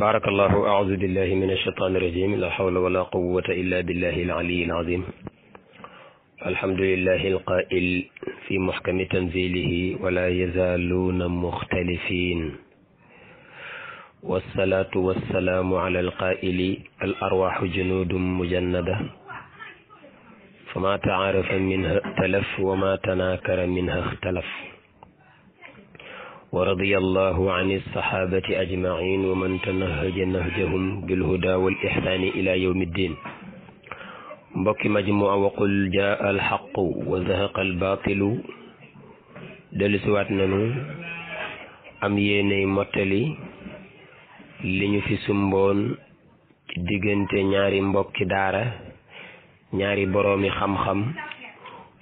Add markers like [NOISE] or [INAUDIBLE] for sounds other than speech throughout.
baarakallahu aaudu billahi min alshaytaani irajim la hawla wala quwata illa billahi alaliyi alazim alhamdulillahi alqail fi muhkami tanzilihi wala yazaaluuna muxtalifin wasalaatu wasalaamu ala alqaili al arwaxu junudum mujannada fama taarafa minha talaf wa ma tanakara minha ixtalaf ورضي الله عن الصحابة أجمعين ومن تنهج نهجهم بالهدى والإحسان إلى يوم الدين mbokk majmuwa waqul jaa alxaqu wa zahaqa albaatilu dellusiwaat nanu am yéenay mottali li ñu fi sumboon ci diggante ñaari mbokki daara ñaari boroomi xam-xam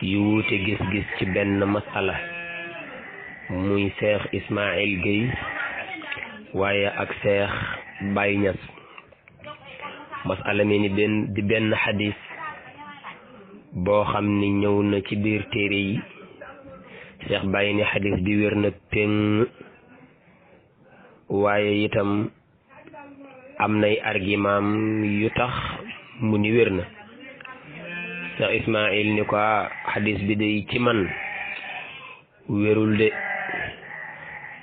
yu wuute gis-gis ci benn masala muy seex Ismaël Guèye waaye ak seex Baye Niass masala mi ni benn di benn xadis boo xam ni ñëw na ci biir téere yi seex Baye ni xadis bi wér na péng waaye itam am nay argument yu tax mu ni wér na seex Ismaïl ni ko ah, xadis bi day ci man wérul de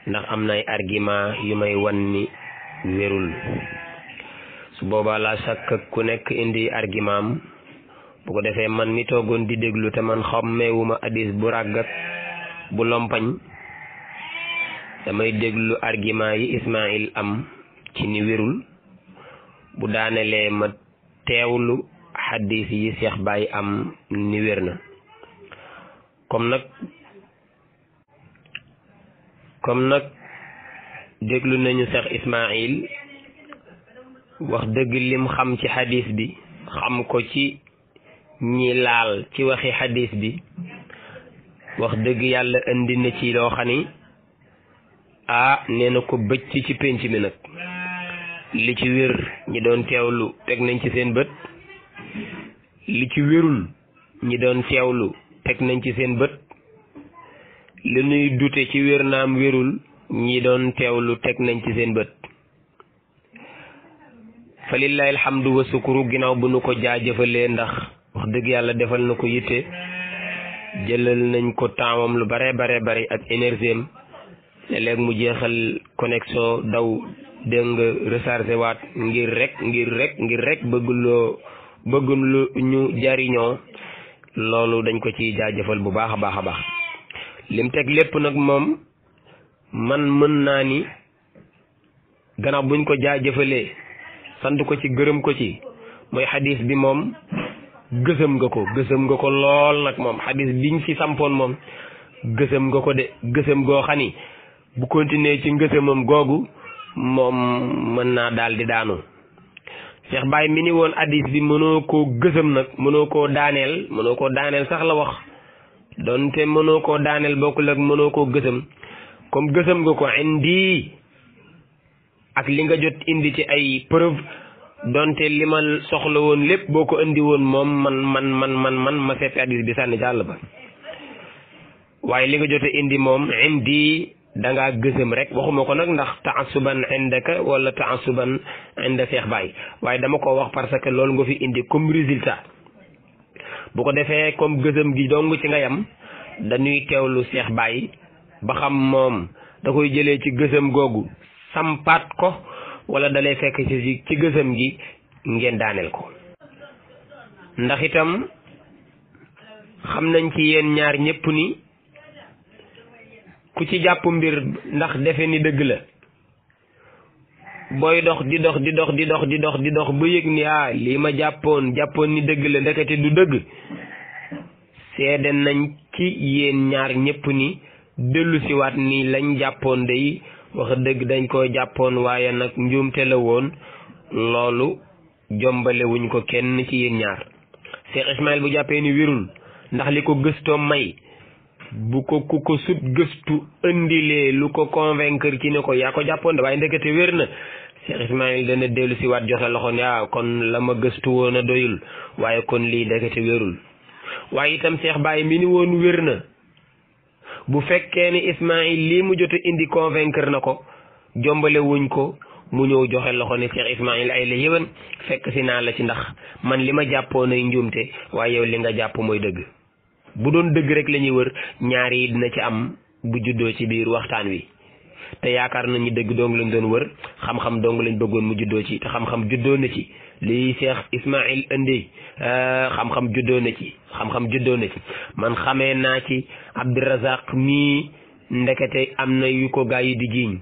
ndax am nay argument yu may wan ni wérul su boobaa la sàkk ku nekk indi argument am bu ko defee man mi toogoon di déglu te man xàmmeewuma addis bu ràggat bu lompañ damay déglu argument yi Ismaïl am ci ni wérul bu daanelee ma teewlu xaddis yi Cheikh Baye am ni wér na comme nag comme nag déglu nañu Cheikh Ismaïl wax dëgg lim xam ci xadis bi xam ko ci ñi laal ci waxi xadis bi wax dëgg yàlla indi na ci loo xam ni ah nee na ko bëcc ci pénc mi nag li ci wér ñi doon teewlu teg nañ ci seen bët li ci wérul ñi doon teewlu teg nañ ci seen bët li nuy dute ci wér naam wérul ñi doon teewlu teg nañ ci seen bët fa lillahi alhamdu wa sukuru ginnaaw bu nu ko jaajëfalee ndax wax dëgg yàlla defal na ko yitte jëlal nañ ko taamam lu bare bare bari ak énergie am léeg mu jeexal connexion daw dégg nga rechargé waat ngir rek ngir rek ngir rek bëgg loo lu ñu jariñoo loolu dañ ko ci jaajëfal bu baax a baax a baax lim teg lépp nag moom man mën naa ni gannaaw buñ ko jëfalee sant ko ci gërëm ko ci mooy xadis bi moom gësëm nga ko gësëm nga ko lool nag moom xadis biñ fi sampoon moom gësëm nga ko de gësëm goo xani bu continuer ci ngësëmam googu moom mën naa daal di daanu Cheikh Baye mi ni woon hadis bi mënoo ko gësëm nag mënoo koo daaneel mënoo ko daaneel sax la wax donte mënoo koo daaneel bokkul ak mënoo koo gësëm comme gësëm nga ko indi ak li nga jot indi ci ay preuve donte li ma soxla woon lépp boo ko indi woon moom man man man man man ma seppi addis bi sànni jàll ba waaye li nga jot indi moom indi da ngaa gësam rek waxuma ko nag ndax taasuban indaka wala taasuban inda Seex Baay waaye dama ko wax parce que loolu nga fi indi comme résultat bu ko defee comme gësëm gi dong ci nga am dañuy teewlu Cheikh Baye ba xam moom da koy jële ci gësëm googu sampaat ko wala dalay fekk ci gësëm gi ngeen daaneel ko ndax itam xam nañ ci yéen ñaar ñépp ni ku ci jàpp mbir ndax defe ni dëgg la booy dox di dox di dox di dox di dox di dox ba yëg ni ah lii ma jàppoon jàppoon ni dëgg la ndekete du dëgg seede nañ ci yéen ñaar ñépp ni dellu siwaat ni lañ jàppoon day wax dëgg dañ koo jàppoon waaye nag njuumte la woon loolu jombalewuñ ko kenn ci yéen ñaar Cheikh Ismaïl bu jàppee ni wérul ndax li ko gëstoo may bu ko ku ko sut gëstu indilee lu ko convaincre ci ne ko yaa ko jàppoon de waaye ndekete wér na Cheikh Ismaïl dana dellu si waat joxe loxo ne ah kon la ma gëstu woon a doyul waaye kon lii dekete wérul waaye itam Cheikh Baye mi ni woon wér na bu fekkee ni Ismaïl lii mu jotu a indi convaincre na ko jombalewuñ ko mu ñëw joxe loxo ne Cheikh Ismaïl ay la yéwén fekk si naa la ci ndax man li ma jàppoon ay njuumte waaye yow li nga jàpp mooy dëgg bu doon dëgg rek lañuy wër ñaari dina ci am bu juddoo ci biir waxtaan wi. te yaakaar nañ ñi dégg dong lañ doon wër xam-xam dong lañ bëggoon mu juddoo ci te xam-xam juddoo na ci lii Cheikh Ismaïl indi euh, xam-xam juddoo na ci xam-xam juddoo na man xamee naa ci Abdurazaq mii ndekete am na yu ko gaa di jiiñ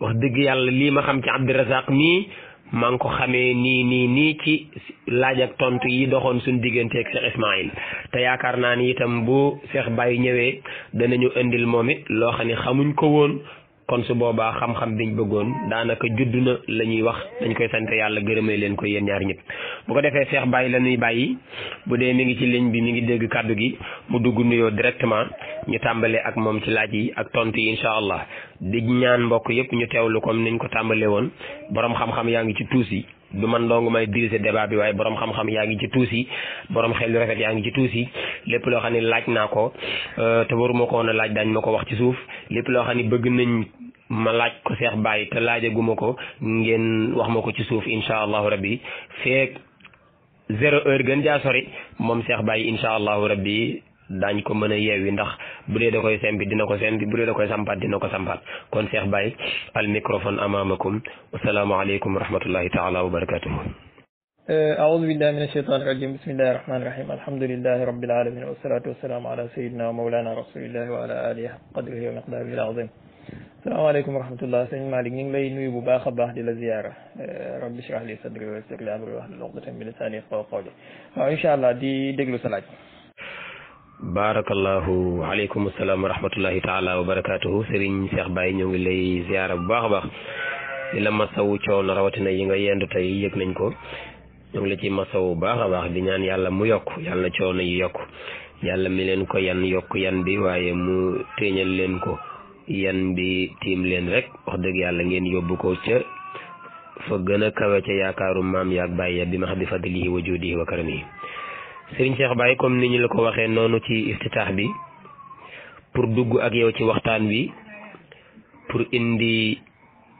wax dëgg yàlla lii ma xam ci Abdurazaq mii maa ngi ko xamee nii nii nii ci laaj ak tontu yi doxoon suñu digganteeg Cheikh Ismaïl te yaakaar naa ni itam bu seex bàyyi ñëwee danañu indil moom it loo xam ne xamuñ ko woon kon su boobaa xam-xam biñ bëggoon daanaka juddu na la ñuy wax dañ koy sant yàlla gërëmee leen ko yéen ñaar ñëpp bu ko defee Cheikh bàyyi la ñuy bàyyi bu dee mi ngi ci ligne bi mi ngi dégg kàddu gi mu dugg nuyoo directement ñu tàmbale ak moom ci laaj yi ak tontu yi allah di ñaan mbokk yëpp ñu teewlu comme niñ ko tàmbalee woon borom xam-xam yaa ngi ci tuus yi. du man dong may dirigé débat bi waaye borom xam-xam yaa ngi ci tuusi borom xel yu rafet yaa ngi ci tuusi lépp loo xam ne laaj naa ko euh, te waruma ko woon laaj daañu ma ko wax ci suuf lépp loo xam ne bëgg nañ ma laaj ko Cheikh Baye te laajaguma ko ngeen wax ma ko ci suuf incha allahu rabbi feek zéro heure gën jaa sori moom Cheikh Baye incha allahu rabbi daañ ko mën a yeewi ndax bu dee da koy sempi dina ko sempi bu dee da dina ko sampaat kon seex Baye al microphone amaamakum wasalaamu aleykum wa rahmatullahi wa barakatuhu أعوذ بالله من الشيطان الرجيم بسم salaamaaleykum wa rahmatullah sëñ Malick ñu ngi lay nuyu bu baax a baax di la ziyaara euh, rabbi shrah li sadri wa yassir li amri wahlul uqdatan min lisani yafqahu qawli waaw incha allah di déglu sa laaj baarakallahu aleykum salaam wa rahmatullahi taala wa barakatuhu Serigne Cheikh Baye ñoo ngi lay ziyaara bu baax a baax di la masawu coono rawatina yi nga yendu tey yëg nañ ko ñoo ngi la ci masawu bu baax a baax di ñaan yàlla mu yokk yàlla coono yi yokk yàlla leen ko yan yokk yan bi waaye mu téeñal leen ko yan bi tiim leen rek wax dëgg yàlla ngeen yóbbu ko ca fa gën a kawe ca yaakaaru maam yaak bàyyi bi ma xam di fadlihi wa juudihi wa karamihi sëriñ seex Baye comme ni ñu la ko waxee noonu ci iftitaax bi pour dugg ak yow ci waxtaan wi pour indi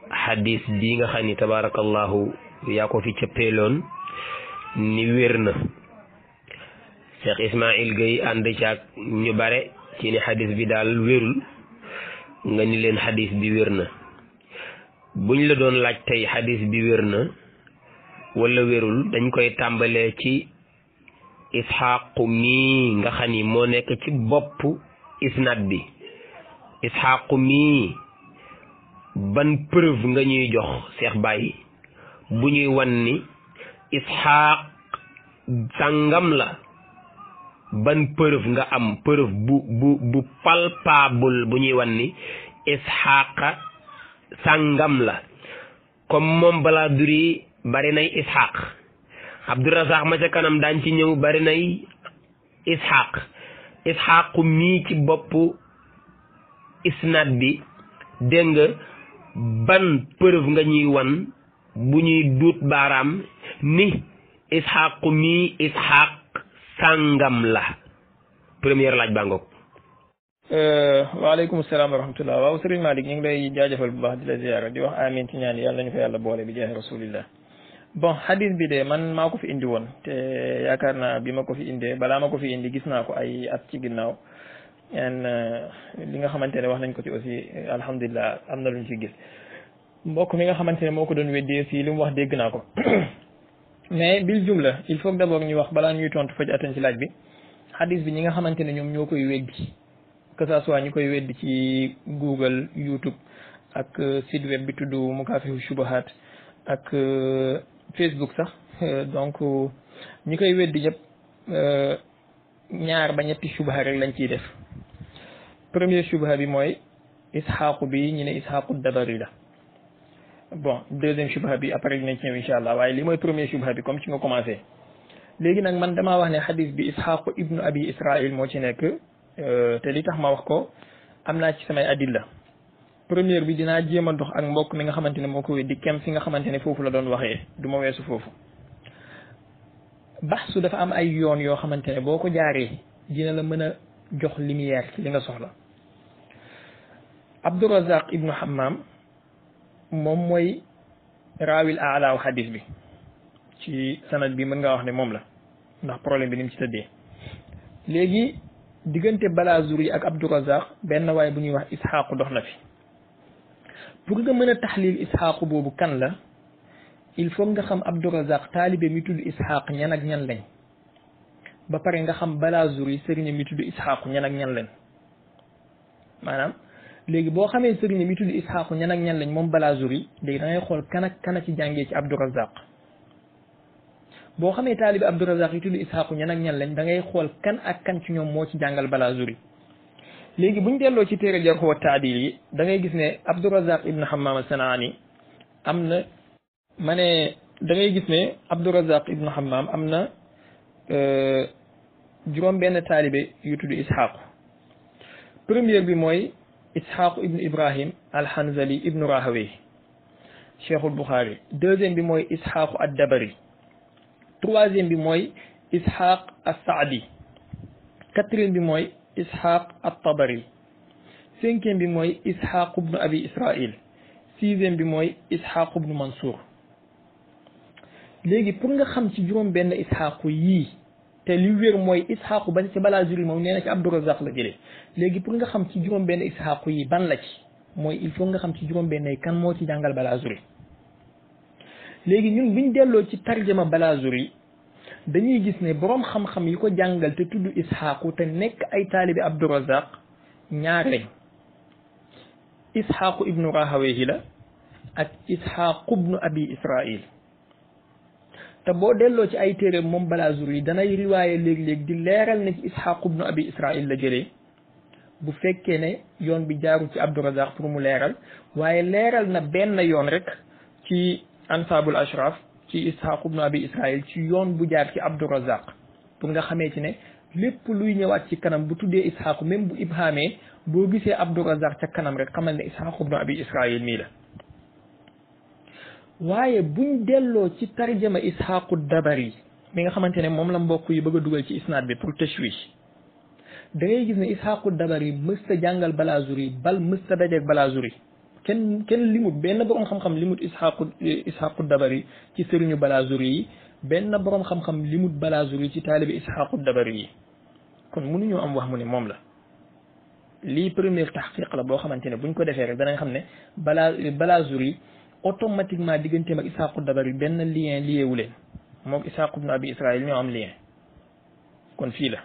xadis bi nga xam ni tabaarakallahu yaa ko fi cëppeeloon ni wér na Cheikh Ismaïl Gueye ànd caag ñu bare ci ni xadis bi daal wérul nga ni leen xadis bi wér na buñ la doon laaj tey xadis bi wér na wala wérul dañ koy tàmbalee ci isxaaqu mii nga xam ni moo nekk ci bopp isnad bi isxaaqu mii ban preuve nga ñuy jox Cheikh Baye bu ñuy wan ni isxaaq sàngam la ban preuve nga am preuve bu bu bu palpable bu ñuy wan ni isxaqa sàngam la comme moom balaa duri bari nay isxaq abdurazaq ma ca kanam daan ci ñëw bari nay isxaq isxaqu mii ci boppu isnad bi dégg nga ban preuve nga ñuy won bu ñuy duut baaraam ni isxaqu mii isxaq sàngam la première laaj baa ngoog euh, waaleykum salaam wa rahmatullah waaw sëriñ Malick ñu ngi lay jaajëfal bu baax di la ziyaara di wax amin ci ñaan yàlla ñu fa yàlla boole bi jeexe rasulillah bon hadith bi de man maa ko fi indi woon te yaakaar naa bi ma ko fi indee balaa ma ko fi indi gis naa ko ay at ci ginnaaw en euh, li nga xamante ne wax nañ ko ci aussi alhamdulilah am na lu fi ci gis mbokk mi nga xamante ne moo ko doon weddee fii li mu wax dégg naa ko [CLEARS THROAT] mais bil jumla il faut que d'abord ñu wax balaa ñuy tontu faj atan ci laaj bi xadis bi ñi nga xamante ne ñoom ñoo koy weddi que ça soit ñu koy weddi ci Google YouTube ak euh, site web bi tudd Mukaafihu subaxaat ak euh, Facebook sax euh, donc ñi koy weddi ñëpp ñaar ba ñetti shubaha rek lañ ciy def premier shubaha bi mooy isxaaqu bi ñu ne isxaaqu dabari la bon deuxième shubha bi après dinañ ci ñëw incha allah waaye li mooy premier shubha bi comme ci nga commencé léegi nag man damaa wax ne xadis bi Isxaaqu ibnu abi Israil moo ci nekk euh, te li tax ma wax ko am naa ci samay adilla première bi dinaa jéem a ndox ak mbokk mi nga xamante ne moo ko weddi kem fi nga xamante ne foofu la doon waxee du ma weesu foofu baxsu dafa am ay yoon yoo xamante ne boo ko jaaree dina la mën a jox lumière ci li nga soxla Abdurazaq ibnu Hammam moom mooy raawil alaaw xadis bi ci sanad bi mën ngaa wax ni moom la ndax problème bi ni mu ci tëddee léegi diggante Balaazur yi ak Abdurazaq benn waaye bu ñuy wax Isxaaqu dox na fi pour nga mën a taxliil Isxaaqu boobu kan la il faut nga xam Abdurazaq taalibe mi tudd Isxaaq ñan ak ñan lañ ba pare nga xam Balaazur yi sëriñam mi tudd Isxaaqu ñan ak ñan lañ maanaam. léegi boo xamee sëriñ mi tudd Isxaaqu ñan ak ñan lañ moom Balaazuri léegi da ngay xool kan ak kan a ci jàngee ci Abdurazaq boo xamee taalibi Abdurazaq yi tudd Isxaaqu ñan ak ñan lañ da ngay xool kan ak kan ci ñoom moo ci jàngal Balaazuri léegi buñ delloo ci téere Jarh wa Taadil yi da ngay gis ne Abdurazaq ibn Hammaam as-Sanaani am na ma dangay da ngay gis ne Abdurazaq ibn Hammaam am na euh, juróom benn taalibe yu tudd Isxaaqu première bi mooy Isxaaq ibnu Ibrahim alhanzali ibnu Rahawey cheikhul Bukhari deuxième bi mooy Isxaaqu ad-Dabari troisième bi mooy Isxaaq as-Saadi quatrième bi mooy Isxaaq at bi mooy Isxaaq ibnu Abi Israil sixième bi mooy Isxaaq ibnu léegi pour nga xam ci juróom benn yii te li wér mooy isxaaqu ba ci balaa zuri moom nee na ci abdurazaq la jëlee léegi pour nga xam ci juróom-benn isxaaqu yi ban la ci mooy il faut nga xam ci juróom-benn kan moo ci jàngal balaa zuri léegi ñun buñ delloo ci tarjama balaa zuri dañuy gis ne boroom xam-xam yi ko jàngal te tudd isxaaqu te nekk ay taalibi abdurazaq ñaar lañ isxaaqu ibnu rahawayhi la ak isxaaqu ibnu abi israil te boo delloo ci ay téeréem moom balaazur yi danay riwaaye léegi léeg di leeral na ci isxaaq ibnu abi israil la jëlee bu fekkee ne yoon bi jaaru ci abdurazaq pour mu leeral waaye leeral na benn yoon rek ci ansaabul ashraf ci isxaaq ibnu abi israil ci yoon bu jaar ci abdurazaq pour nga xamee ci ne lépp luy ñëwaat ci kanam bu tuddee isxaaqu même bu ibhaamee boo gisee abdurazaq ca kanam rek xamal ne isxaaq ibnu abi israil mii la waaye buñ delloo ci tarjama ishaaqu dabari mi nga xamante ne moom la mbokk yi bëgg a dugal ci isnaad bi pour tashwish da ngay gis ne ishaaqu dabari mësta jàngal balaa balaazuri bal mësta dajeeg balaazuri kenn kenn limut benn boroom xam-xam limut ishaaqu ishaaqu dabari ci sëriñu balaazuri yi benn boroom xam limut balaazuri ci taalibi ishaaqu dabari yi kon mënuñoo am wax mu ne moom la lii première tahqiq la boo xamante ne buñ ko defee rek nga xam ne balaa balaazuri automatiquement digganteem ak Isaaqu Dabari benn lien lié wu leen moom Isaaqu ibnu Abi Israil ñoo am lien kon fii la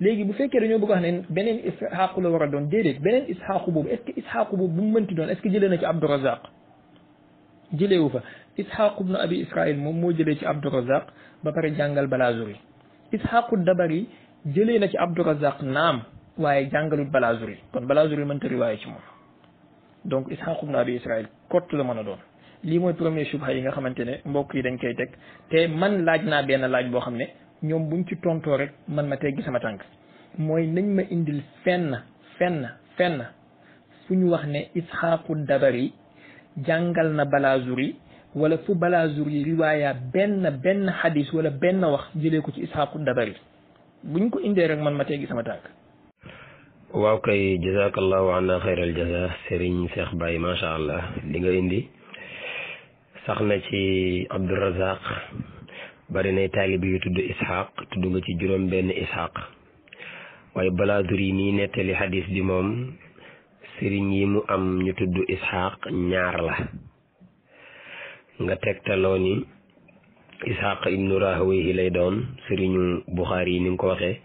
léegi bu fekkee dañoo bëgg a wax ne beneen Isxaaqu la war a doon déedéet beneen Isxaaqu boobu est-ce boobu bu mu mënti doon est-ce jëlee na ci Abdurazaq jëlee wu fa Isxaaqu ibnu Abi Israil moom moo jëlee ci Abdurazaq ba pare jàngal Balaazuri Isxaaqu Dabari jëlee na ci Abdurazaq naam waaye jàngalut Balaazuri kon Balaazuri mënta riwaaye ci moom donc Isxaaqu ibnu Abi Israil kott la mën a doon lii mooy premier subha yi nga xamante ne mbokk yi dañ koy teg te man laaj naa benn laaj boo xam ne ñoom buñ ci tontoo rek man ma teggi sama tànk mooy nañ ma indil fenn fenn fenn fu ñu wax ne isxaaqu dabari jàngal na balaazuri wala fu yi riwaaya benn benn xadis wala benn wax jëlee ko ci isxaaqu dabari buñ ko indee rek man ma teggi sama tànk waaw kay jazakallahu anna xayral jaza Serigne seex Baye macha allah li nga indi sax na ci Abdou Razak bari nay taalib yu tudd Ishaq tudd nga ci juróom benn Ishaq waaye balaa yi nii nettali xadis di moom sëriñ yi mu am ñu tudd Ishaq ñaar la nga tegtaloo ni Ishaq ibnu Rahawayhi lay doon Serigne Buxaari yi ni ko waxe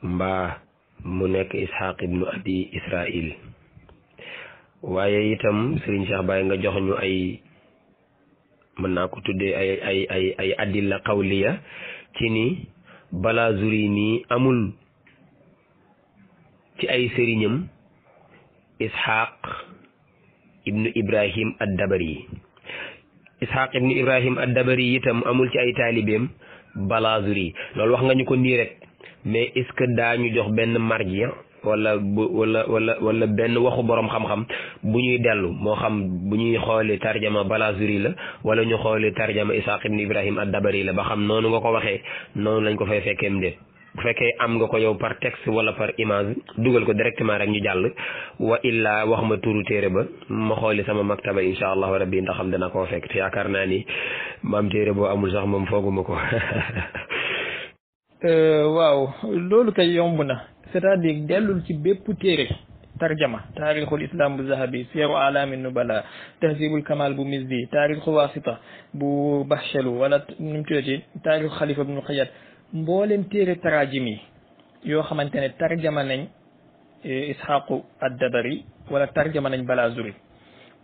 mbaa. mu nekk Ishaq ibnu Abi Israil waaye itam Serigne Cheikh Baye nga jox ñu ay mën naa ko tuddee ay ay ay ay adilla qawliya ci ni balaa zuri nii amul ci ay sëriñam Ishaq ibnu Ibrahim ad-Dabari Ishaq ibnu Ibrahim ad-Dabari itam amul ci ay taalibeem balaa zuri loolu wax nga ñu ko nii rek. mais est-ce que daañu jox benn marji wala bu wala wala wala benn waxu borom xam-xam bu ñuy dellu moo xam bu ñuy xoolee tarjama suri la wala ñu xoolee tarjama Isaaq ibn Ibrahim ad-Dabari la ba xam noonu nga ko waxee noonu lañ ko fekkee fekkeem déet bu fekkee am nga ko yow par texte wala par image dugal ko directement rek ñu jàll wa illaa wax ma turu téere ba ma xooli sama maktaba insha allahu rabbi ndax xam dana koo fekk te yaakaar naa ni maam téere boo amul sax moom fooguma ko [LAUGHS] Euh, waaw loolu kay yomb na c'est-à-dire ci bépp téere tarjama taarixul islam bu zahabi seeru alaami nubala tahzibul kamal bu mizdi taarixu wasita bu bahchelu wala nu mu tuddati taarixu xalifa bnu xiyat mboolem téere tarajim yi yoo xamante ne tarjama nañ eh, ishaqu addabari wala tarjama nañ balazuri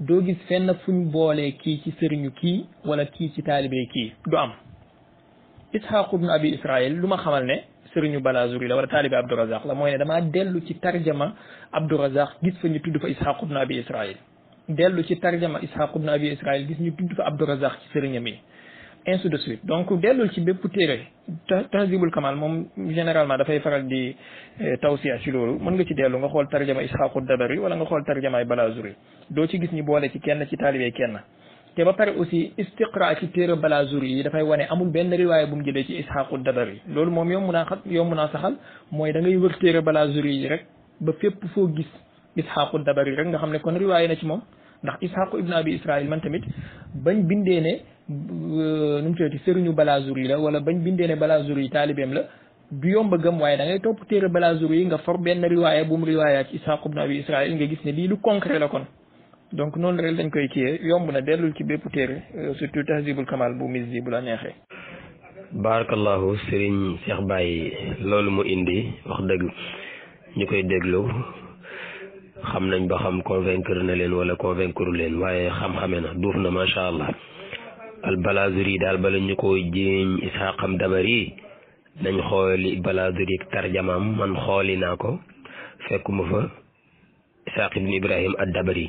doo gis fenn fuñ boolee kii ci sëriñu kii wala kii ci taalibe kii du am Ishaaq ibn Abi Israil lu ma xamal ne sëriñu Balazuri la wala taalibi Abdourazaq la mooy ne damaa dellu ci tarjama Abdourazaq gis fa ñu tudd fa Ishaaq ibn Abi Israil dellu ci tarjama Ishaaq ibn Abi Israil gis ñu tudd fa Abdourazaq ci sëriñam yi ainsi de suite donc dellul ci bépp téere tahdibul kamal moom généralement dafay faral di eh, tawsiya ci loolu mën nga ci dellu nga xool tarjama Ishaaqu Dabari wala nga xool tarjamaay Balazuri doo ci gis ñu boole ci kenn ci taalibee kenn te ba pare aussi istiqra ci téere Balaazuri yi dafay wane amul benn riwaaya bu mu jëlee ci Isxaaqu Dabawi loolu moom yomb naa xam yomb naa saxal mooy da ngay wër téere Balaazuri yi rek ba fépp foo gis Isxaaqu Dabawi rek nga xam ne kon riwaaya na ci moom ndax Isxaaqu ibn Abi Israil man tamit bañ bindee ne euh, nu mu tuddati sëriñu Balaazuri la wala bañ bindee ne Balaazuri yi taalibeem la du yomb a gëm waaye da ngay topp téere Balaazuri yi nga for benn riwaaya bu mu riwaaya ci Isxaaqu ibn Abi Israil nga gis ne lii lu concret la kon donc noonu rek lañ koy kiyee yomb na dellul ci bépp téere euh, surtout tahzibul kamal bu mis bi bu la neexee barakallahu sëriñ bàyyi Baye loolu mu indi wax dëgg ñu koy déglu xam nañ ba xam convaincre na leen wala convaincre leen waaye xam-xame na duuf na macha allah yi daal bala ñu ko jéeñ isxaqam yi nañ xooli balazuri tarjamaam man xooli naa ko fekkuma fa isxaq ibn ibrahim ad yi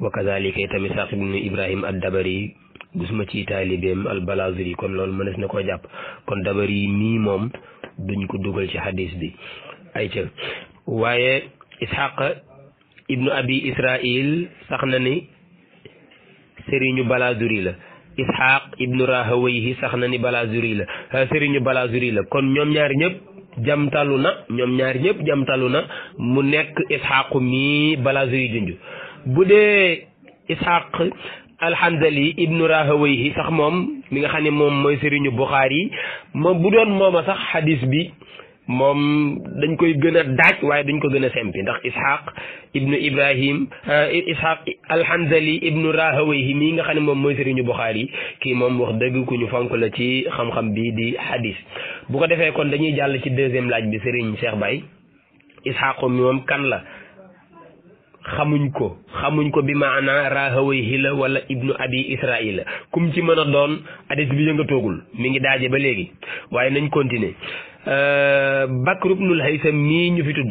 wa kazalika tamit Isaaq ibnu Ibrahim ad-Dabari gisuma ci taalibeem al-Balaziri kon loolu mënees na koo jàpp kon Dabari mii moom duñ ko dugal ci hadis bi ay ca waaye Isaaq ibnu Abi Israil sax na ni sëriñu Balaziri la Ishaq ibnu Rahawayhi sax na ni Balaziri la ah, sëriñu Balaziri la kon ñoom ñaar ñëpp jamtalu na ñoom ñaar ñëpp jamtalu na mu nekk Ishaq mii Balaziri junj bu dee Ishaq alhanzali ibnu rahawayhi sax moom mi nga xam ne moom mooy sëriñu Buxaari yi moom bu doon mooma sax xadis bi moom dañ koy gën a daaj waaye dañ ko gën a sempi ndax ishaq ibnu ibrahim euh, ishaq alhanzali ibnu rahawayhi mii nga xam ne moom mooy sëriñu buxaari kii moom wax dëgg ku ñu fonk la ci xam-xam bi di hadis bu ko defee kon dañuy jàll ci deuxième laaj bi sëriñ Cheikh Baye ishaq moom kan la xamuñ ko xamuñ ko bi maana rahawayhi la wala ibnu abi la kum ci mën a doon hadis bi yëngatoogul mi ngi daaje ba léegi waaye nañ continuer euh, bakr ibnul haysam nii ñu fi tudd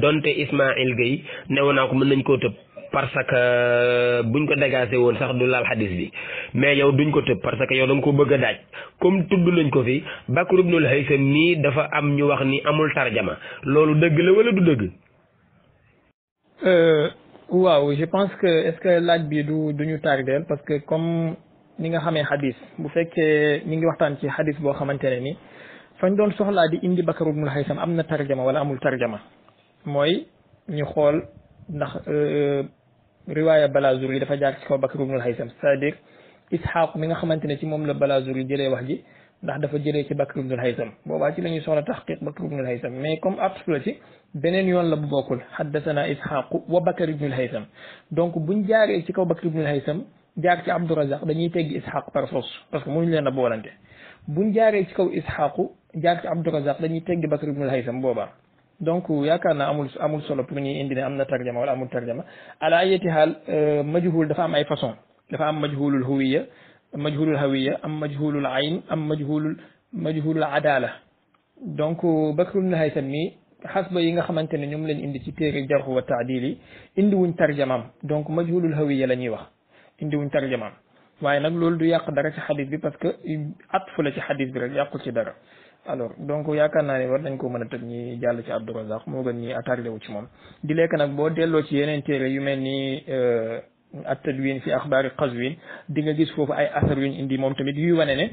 donte ismail gay newoon naa ko mën nañ koo tëb parce que euh, buñ ko dégagé woon sax du laal xadis bi mais yow duñ ko tëb parce que yow da ko bëgg a daaj comme tudd nañ ko fi bakr ibnul haysam nii dafa am ñu wax ni amul tarjama loolu dëgg la wala du dëgg Euh, waaw je pense que est-ce que laaj bi du du ñu tardeel parce que comme ni nga xamee xadis bu fekkee ñu ngi waxtaan ci xadis boo xamante ne ni fañ doon soxlaa di indi Bakar ibnul Haysam am na tarjama wala amul tarjama mooy ñu xool ndax euh, euh, riwaaya Balaazuri dafa jaar ci kaw Bakar ibnul Haysam c'est-à-dire Isxaaq mi nga xamante ne ci moom la yi jëlee wax ji ndax dafa jëlee ci Bakar ibnul Haysam boobaa ci la ñuy soxla tax Bakar ibnul Haysam mais comme aptu ci beneen yoon la bu bokkul xaddasanaa ishaqu wa bakar ibnul haysam donc buñ jaaree ci kaw bakar ibnul haysam jaar ci abdourazaq dañuy teggi ishaq par force parce que mënuñu leen a boolante buñ jaaree ci kaw ishaqu jaar ci abdourazaq dañuy teggi bakar ibnul haysam boobaa donc yaakaar naa amul amul solo pour ñuy indi ne am na tarjama wala amul tarjama ala ayati haal euh, majhul dafa am ay façon dafa am majhulul huwiya majhulul hawiya am majhulul ayn am majhulul majhulul adala donc bakar ibnul haysam mi xasba yi nga xamante ne ñoom lañ indi ci téere jarxu wa taadil yi indi wuñ mam donc majhulul hawiya la ñuy wax indi wuñ tarjamaam waaye nag loolu du yàq dara ci xadis bi parce que atfu la ci xadis bi rek yàqul ci dara alors donc yaakaar naa ne war nañ ko mën a tëj ñi jàll ci Abdourazaq moo gën ñi wu ci moom di lekk nag boo delloo ci yeneen téere yu mel ni euh, at-tadwin fi axbaari qazwin di nga gis foofu ay asar yuñ indi moom tamit yuy wane ne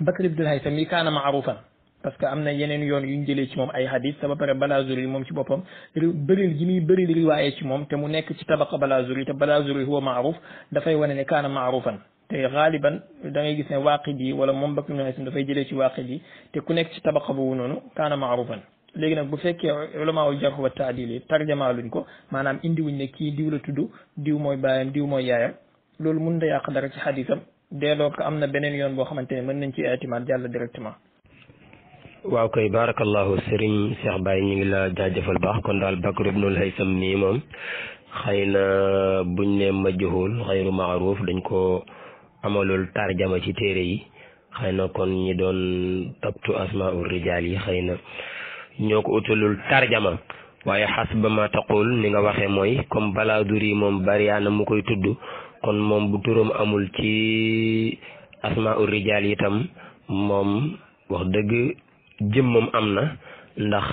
Bakr ibn al-Haytham yi kaana maarufan parce que am na yeneen yoon yu ñu jëlee ci moom ay hadis te ba pare Balaazuri moom ci boppam bëril gi muy bëril riwaaye ci moom te mu nekk ci tabaqa Balaazuri te Balaazuri huwa maaruf dafay wane ne kaana maarufan te xaaliban da ngay gis ne waaqidi wala moom bakk na dafay jëlee ci waaqidi te ku nekk ci tabaqa boobu noonu kaana maarufan léegi nag bu fekkee ulamaaw jarh wa taadil yi tarjamaa luñ ko maanaam indiwuñ ne kii diw la tudd diw mooy baayam diw mooy yaayam loolu mun da yàq dara ci hadisam delloo ko am na beneen yoon boo xamante ne mën nañ ci itimaad jàll directement waaw koy barakallahu sëriñ Cheikh Baye ñu ngi la jaajëfal baax kon daal Bakr ibnul Haysam nii moom xëy na buñ ne majhul xayru maaruf dañ ko amalul tarjama ci téere yi xëy na kon ñi doon tabtu asmaa'u rijaal yi xëy na ñoo ko utalul tarjama waaye xas ba ma taqul ni nga waxee mooy comme balaa yi moom bariyaana mu koy tudd kon moom bu turam amul ci asmaa'u rijaal itam moom wax dëgg moom am na ndax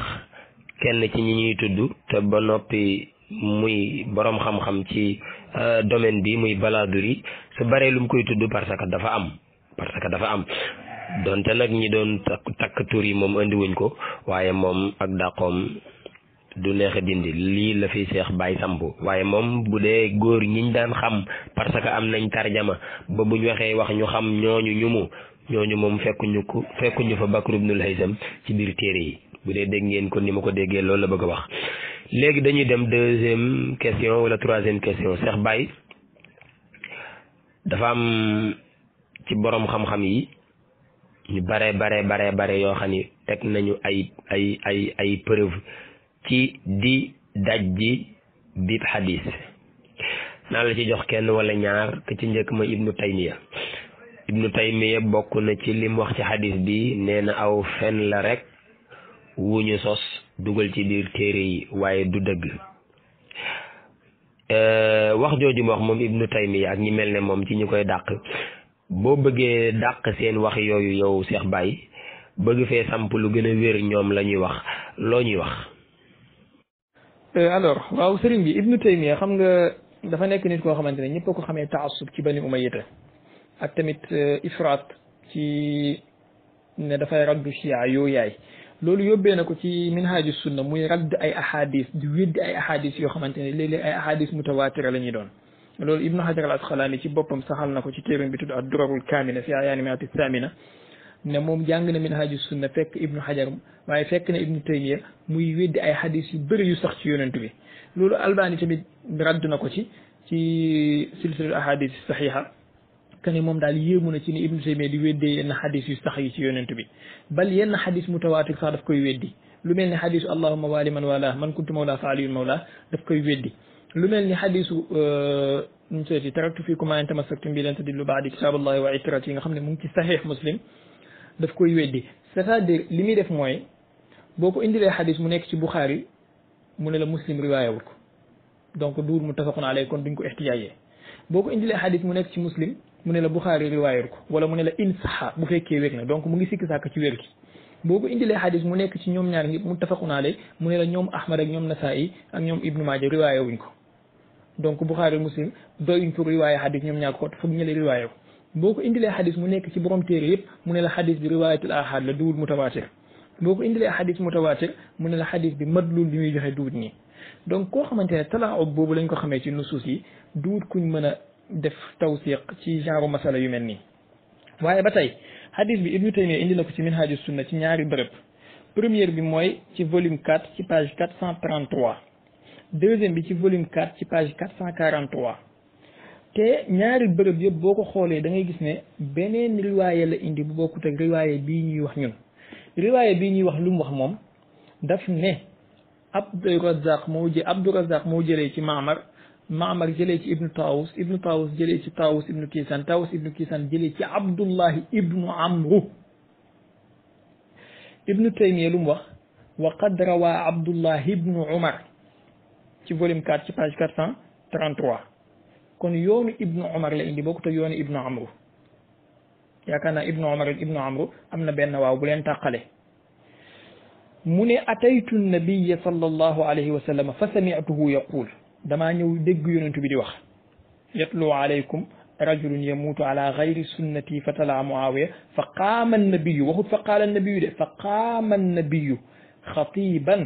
kenn ci ñi ñuy tudd te ba noppi muy boroom xam-xam ci euh, domaine bi muy Baladuri su baree lu mu koy tudd parce que dafa am parce que dafa am donte nag ñi doon takk tur yi moom indiwuñ ko waaye moom ak dàqoom du neex dindi lii la fi seex bàyyi sambu waaye moom bu dee góor ñiñ daan xam parce que am nañ tarjama ba buñ waxee wax ñu xam ñooñu ñu mu ñooñu moom fekkuñu ko fekkuñu fa Bakr ibnul Haysam ci biir téere yi bu dee dégg ngeen ko ni ma ko déggee loolu la bëgg a wax. léegi dañuy dem deuxième question wala troisième question seex Baye dafa am ci boroom xam-xam yi ñu bare bare bare bare yoo xam ni teg nañu ay ay ay ay preuve ci di bi biib hadis. naa la ci jox kenn wala ñaar ke ci njëkk ma ibnu taymiya ibnu taymiya bokk na ci lim wax ci xadis bi nee na aw fen la rek wu ñu sos dugal ci biir téere yi waaye du dëgg euh, wax jooju mu wax moom ibnu taymiya ak ñi mel ne moom ci ñu koy dàq boo bëggee dàq seen wax yooyu yow seex Baye bëgg fee samp lu gën a wér ñoom la ñuy wax loo ñuy wax euh, alors waaw sëriñ bi ibnu taymiya xam nga dafa nekk nit koo xamante ne ñëpp a ko xamee taasub ci bani umayyata ak tamit euh, ifraat ci ne dafay raddu chia yoo yaay loolu yóbbee na ko ci minhaaju sunna muy radd ay ahadis di weddi ay ahadis yoo xamante ne léeg-léeg ay ahadis mutawatira la ñuy doon loolu ibnu hajar al asqalaani ci boppam saxal na ko ci téeram bi tudd ad durarul kaamina fi ayaani miati thamina ne moom jàng na minhaaju sunna fekk ibnu hajar waaye fekk na ibnu taymiya muy ay hadis yu bëri yu sax ci yonent bi loolu albani tamit radd na ko ci ci silsilatul ahadis saxiha que moom daal yéemu na ci ne Ibnu Taymiya di weddee yenn xadis yu sax ci yonent bi bal yenn xadis mutawaatir sax daf koy weddi lu mel ni xadisu allahuma waali man wala man kuntu mawla fa mawla daf koy weddi lu mel ni xadisu ñu euh, seeti taraktu fiikum maa in tamassaktum bihi lan tadillu ba'di kitaaballahi wa itraati yi nga xam ne mu ngi ci saxiix muslim daf koy weddi c'est-à-dire li muy def mooy boo ko indilee xadis mu nekk ci Buxaari mu ne la muslim riwaayawul ko donc duur muttafaqun alayhi kon duñ ko ixtijaajee boo ko indilee xadis mu nekk ci muslim mu ne la Buxaari riwaayér ko wala mu ne la insaha bu fekkee wér na donc mu ngi sikki sàkk ci wér boo ko indilee xadis mu nekk ci ñoom ñaar yëpp muttafaqun alayhi mu ne la ñoom Ahmad ak ñoom Nasaa'i ak ñoom Ibnu Maaja riwaayé wuñ ko donc Buxaari Muslim doyuñ pour riwaayé xadis ñoom ñaar ko foog ñële boo ko indilee xadis mu nekk ci borom téere yëpp mu ne la xadis bi riwaayatul ahad la duwul mutawaatir boo ko indilee xadis mutawaatir mu ne la xadis bi madlul bi muy joxe duwut nii donc koo xamante ne talaa'ub boobu lañ ko xamee ci nusuus yi duwut kuñ mën a def taw tawsiq ci genre masala yu mel nii waaye ba tey hadis bi ibnu taymiya indi na ko ci minhaju sunna ci ñaari bërëb première bi mooy ci volume 4 ci page 433 deuxième bi ci volume 4 ci page 443 te ñaari bërëb yëpp boo ko xoolee da ngay gis ne beneen riwaaye la indi bu bokkut ak riwaaye bii ñuy wax ñun riwaaye bii ñuy wax lu mu wax moom daf ne Abdurazaq moo jë Abdurazaq moo jëlee ci Maamar Maamar jëlee ci ibnu Taawus ibnu Taawus jëlee ci Taawus ibnu Kiisan Taawus ibnu Kiisan jëlee ci Abdullahi ibnu Amru ibnu Taymiya lu mu wax wa qad rawaa Abdullahi ibnu Umar ci volume 4 ci page 433 kon yoonu ibnu Umar la indi bokkut ak yoonu ibnu Amru yaakaar naa ibnu Umar ak ibnu Amru am na benn waaw bu leen tàqale mu ne ataytu nabiya sallallahu alayhi wa sallam fa sami'tuhu yaqul damaa ñëw dégg yonentu bi di wax yatlu alaykum rajulun yamuutu ala gayri sunnati fa tala muawiya fa qaama annabiyu waxut fa qaala annabiyu de fa qaama annabiyu xatiban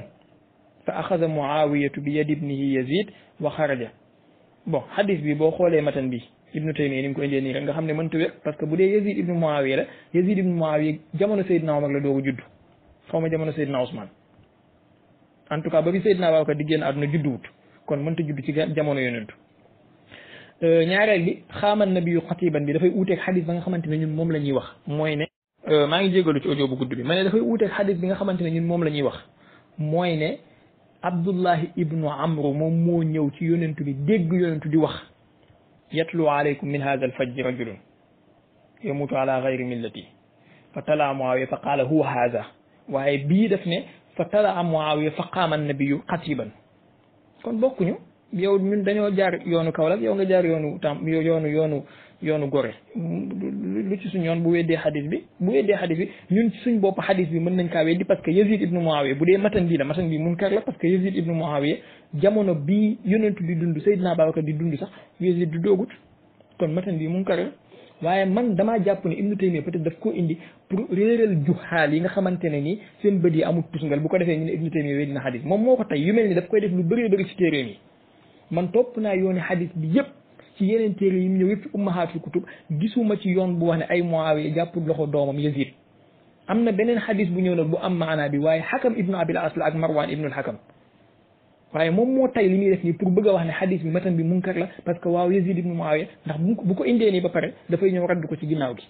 fa axada muawiyatu bi yadi ibnihi yazid wa xaraja bon bi boo xoolee matan bi ibnu taymiya ko indee nga xam ne mënta wér parce que bu dee yazid ibnu muawiya la yazid ibnu muawiya jamono Seydina Omar la doogu judd xaw ma jamono Seydina Ousmane tout cas ba bi Seydina Babacar di génn kon mënta judd ci jamono yonentu euh, ñaareel bi xaamal na biyu xatiban bi dafay uuteeg xadis ba nga xamante ne ñun moom la ñuy wax mooy ne euh, maa ngi jégalu ci audio bu gudd bi ma ne dafay uuteeg xadis bi nga xamante ne ñun moom la ñuy wax mooy ne abdullahi ibnu amru moom moo ñëw ci yonentu bi dégg yonentu di wax yatlu alaykum min hada alfajji rajulun yamutu ala gayri millati fa tala muawiya fa qaala huwa hada waaye bii daf ne fa tala muawiya fa qaama annabiyu xatiban kon bokkuñu yow ñun dañoo jaar yoonu Kaolack yow nga jaar yoonu tam yoonu yoonu yoonu Gorée lu ci suñ yoon bu weddee xadis bi bu weddee xadis bi ñun ci suñ bopp xadis bi mën nañ kaa weddi parce que Yazid ibnu Muawiya bu dee matan bii la matan bii munkar la parce que Yazid ibnu Muawiya jamono bii yonentu di dund Seydina Babacar di dund sax Yazid du doogut kon matan bii munkar la waaye man damaa jàpp ne Ibnu Taymiya peut-être daf indi pour réeral juhaal yi nga xamante ne ni seen bët yi amul tusngal bu ko defee ñu ne Ibnu Taymiya weddi na xadis moom moo ko tey yu mel ni koy def lu bëree bëri ci man topp naa yooni xadis bi yëpp ci yeneen téere yi mu ñëw yëpp ci ummahaatul kutub gisuma ci yoon bu wax ne ay Muawiya jàpp loxo doomam Yazid am na beneen xadis bu ñëw nag bu am maanaa bi waaye xakam ibnu abil asla ak marwan ibnul xakam waaye moom moo tay li muy def nii pour bëgg wax ne xadis bi matan bi munkar la parce que waaw Yazid ibnu Muawiya ndax bu ko indee nii ba pare dafay ñëw raddu ko ci ginnaaw gi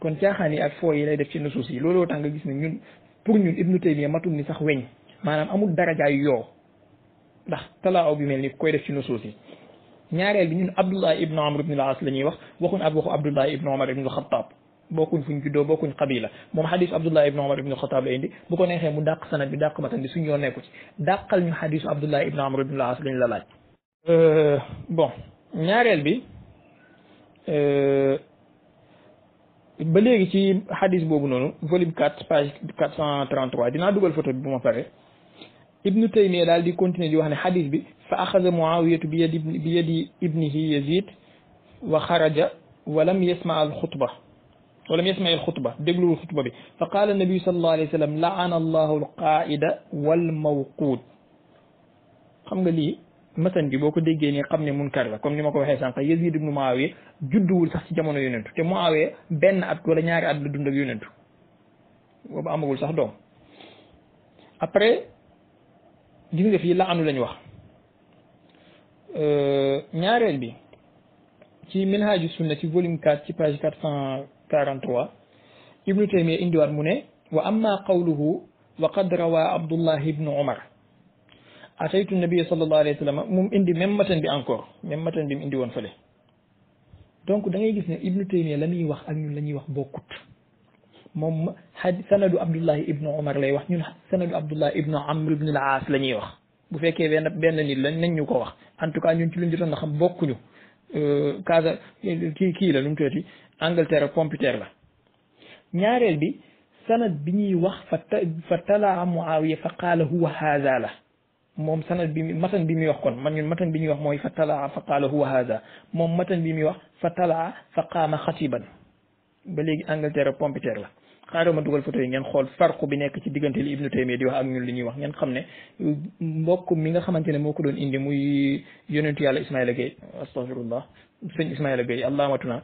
kon caaxaan yi ak foo yi lay def ci nusuus yi looloo tax nga gis ne ñun pour ñun Ibnu Taymiya matul ni sax weñ maanaam amul darajaay yoo ndax talaaw bi mel ni koy def ci nusuus yi ñaareel bi ñun Abdullah ibnu Amr ibnu al-As la ñuy wax waxuñ ab waxu Abdullah ibnu Omar ibnu al-Khattab bokkuñ fuñ juddoo bokkuñ xabila moom xadisu abdullah ibn omar ibn xataab la indi bu ko neexee mu dàq sanat bi dàq matan bi suñ yoon nekku ci dàqal ñu xadisu abdullah ibn omar ibn laas lañ la laaj euh, bon bi euh, ba léegi ci xadis boobu noonu volume quatre dinaa dugal photo bi bu ma pare ibnu taymiya daal di continuer di wax ne xadis bi fa axaza muawiyatu bi yadi bi yadi ibnihi yazid wa xaraja wa lam yasma walam yasma alxutba dégluwul xutba bi fa qaala nabiyu sallallahu alayhi wa sallam laana allahu alqaida wal mawquud xam nga lii matan bi boo ko déggee nii xam ne munkar la comme ni ma ko waxee sànq Yazid ibnu Muawiya judduwul sax ci jamono yonentu te Muawiya benn at wala ñaari at la dund ak yonentu boobu amagul sax doom après gis nga fii laanu lañ wax euh, ñaareel bi ci minhaaju sunna ci volume 4 ci page 400 43 ibnu taymiya indiwaat mu ne wa amma qawluhu wa qad rawa abdullah ibnu umar ataytu nabiya sallallahu alayhi wa sallam moom indi même matan bi encore même matan bi mu indi woon fële donc da gis ne ibnu taymiya la muy wax ak ñun la ñuy wax bokkut moom xaj sanadu abdullahi ibnu umar lay wax ñun sanadu abdullahi ibnu amr ibnu al aas la ñuy wax bu fekkee benn benn nit lañ nañ ñu ko wax en tout cas ñun ci luñ jotoon na xam bokkuñu Euh, Casa kii kii la nu mu tuddati Angleterre Computer la ñaareel bi sanad bi ñuy wax fa ta fa talaa Muawiya fa qaala huwa haada la moom sanad bi matan bi muy wax kon man ñun matan bi ñuy wax mooy fa talaa fa qaala huwa haada moom matan bi muy wax fa talaa fa qaama xatiban ba léegi Angleterre Computer la xaaral ma dugal photo yi ngeen xool farqu bi nekk ci diggante li Ibnu Taymiya di wax ak ñun li ñuy wax ngeen xam ne mbokk mi nga xamante ne moo ko doon indi muy yonentu yàlla Ismaïla Gueye astaghfirullah sëñ Ismaïla Gueye allaamatuna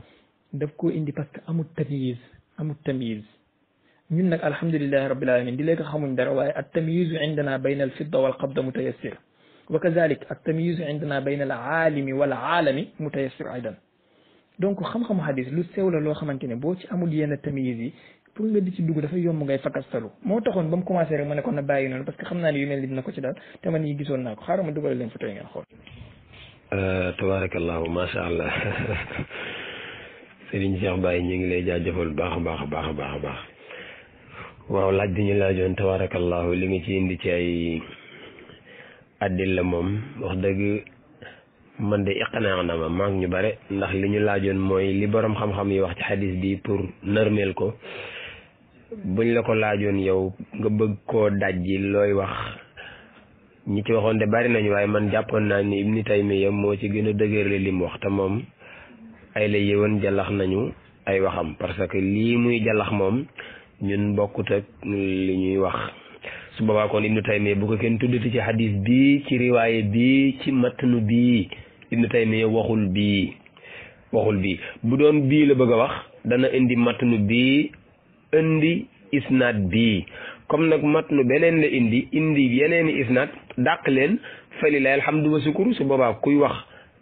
daf ko indi parce que amul tamyiz amul tamyiz ñun nag alhamdulillahi rabbil alamin di léegi xamuñ dara waaye at tamyizu indana bayna al fidda wal qabda mutayassir wa kazalik at tamyizu indana bayna al aalimi wal aalami mutayassir aydan donc xam-xamu hadis loo xamante ne boo ci amul yenn tamyiz yi pour nga di ci dugg dafa yomb ngay fakastalu moo taxoon ba mu commencé rek ma ne ko na bàyyi noonu parce que xam naa ne yu mel ni dina ko ci daal te man yi gisoon naa ko xaaral ma dugal leen photo yi ngeen euh, macha allah Serigne [LAUGHS] Cheikh Baye ñu ngi lay jaajëfal baax a baax a baax a baax waaw laaj bi ñu laajoon tabaarakallaahu li nga ci indi ci ay addil la moom wax dëgg. man de iqnaa na ma maa ngi ñu bare ndax li ñu laajoon mooy li borom xam-xam yi wax ci xadis bii pour nërmeel ko ñu la ko laajoon yow nga bëgg koo dajji looy wax ñi ci waxoon de bari nañu waaye man jàppoon naa ni Ibnu Taymiya moo ci gën a dëgërle li mu wax te moom ay la yëwan jalax nañu ay waxam parce que lii muy jalax moom ñun bokkut ak li ñuy wax su boobaa kon Ibnu Taymiya bu ko kenn tuddati ci xadis bii ci riwaaye bii ci matnu bi Ibnu Taymiya waxul bi waxul bi bu doon bii la bëgg a wax dana indi matnu bii indi isnaad bii comme nag mat nu beneen la indi indi yeneen i isnaad dàq leen fali alhamdu wa su boobaa kuy wax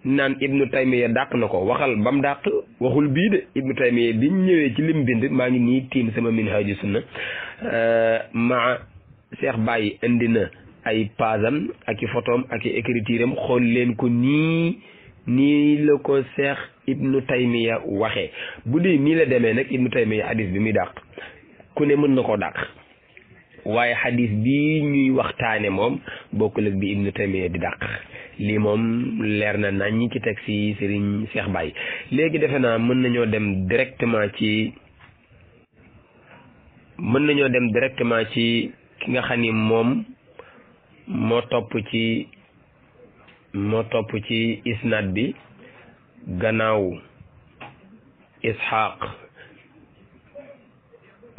naan ibnu taymiya dàq na ko waxal bam dàq waxul bii de ibnu taymiya bi ñëwee ci lim bind maa ngi nii tiim sama minhaaju sunna ma Cheikh bàyyi indi na ay paasam ak i photom ak i écriture am xool leen ko nii nii la ko Cheikh ibnu taymiya waxee bu dee nii la demee nag ibnu taymiya hadis bi muy dàq ku ne mën na koo dàq waaye xadis bi ñuy waxtaane moom bokkul ak bi ibnu taymiya di dàq lii moom leer na nañ ci teg si sëriñ seex Baye léegi defe naa mën nañoo dem directement ci mën nañoo dem directement ci ki nga xam ni moom moo topp ci moo topp ci isnaat bi gannaaw Ishaq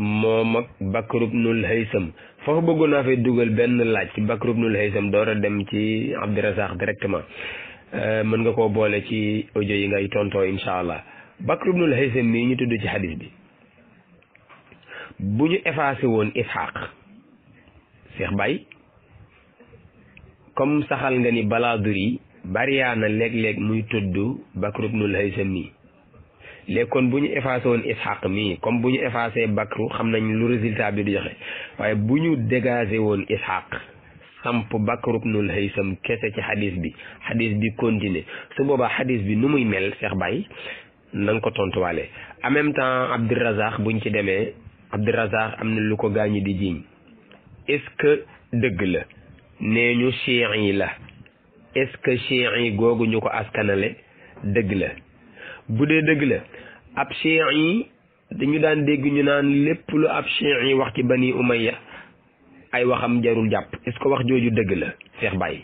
moom ak Bakr ibnul Haysam foofu bëggoon naa fa dugal benn laaj ci Bakr ibnul Haysam door a dem ci Abdurazaq directement euh, mën nga koo boole ci audio yi ngay tontoo incha allah Bakr ibnul Haysam mii ñu tudd ci xadis bi bu ñu effacé woon Isxaaq Seex Baay comme saxal nga ni balaa duri bariyaa na léeg-léeg muy tudd Bakr ibnul Haysam nii léegi kon bu ñu effacé woon ishaq mii comme bu ñu effacé bakru xam nañ lu résultat bi du joxe waaye bu ñu dégagé woon ishaq samp bakru bnul haysam kese ci xadis bi xadis bi continuer su boobaa xadis bi nu muy mel Cheikh Baye na nga ko tontuwaale en même temps bu buñ ci demee Abdurazaq am na lu ko gaañu di jiiñ est-ce que dëgg la nee ñu chiites yi la est-ce que chiites yi googu ñu ko askanale dëgg la bu dee dëgg la ab chii dañu daan dégg ñu naan lépp lu ab chii wax ci bani umayya ay waxam jarul jàpp est wax jooju dëgg la Cheikh bàyyi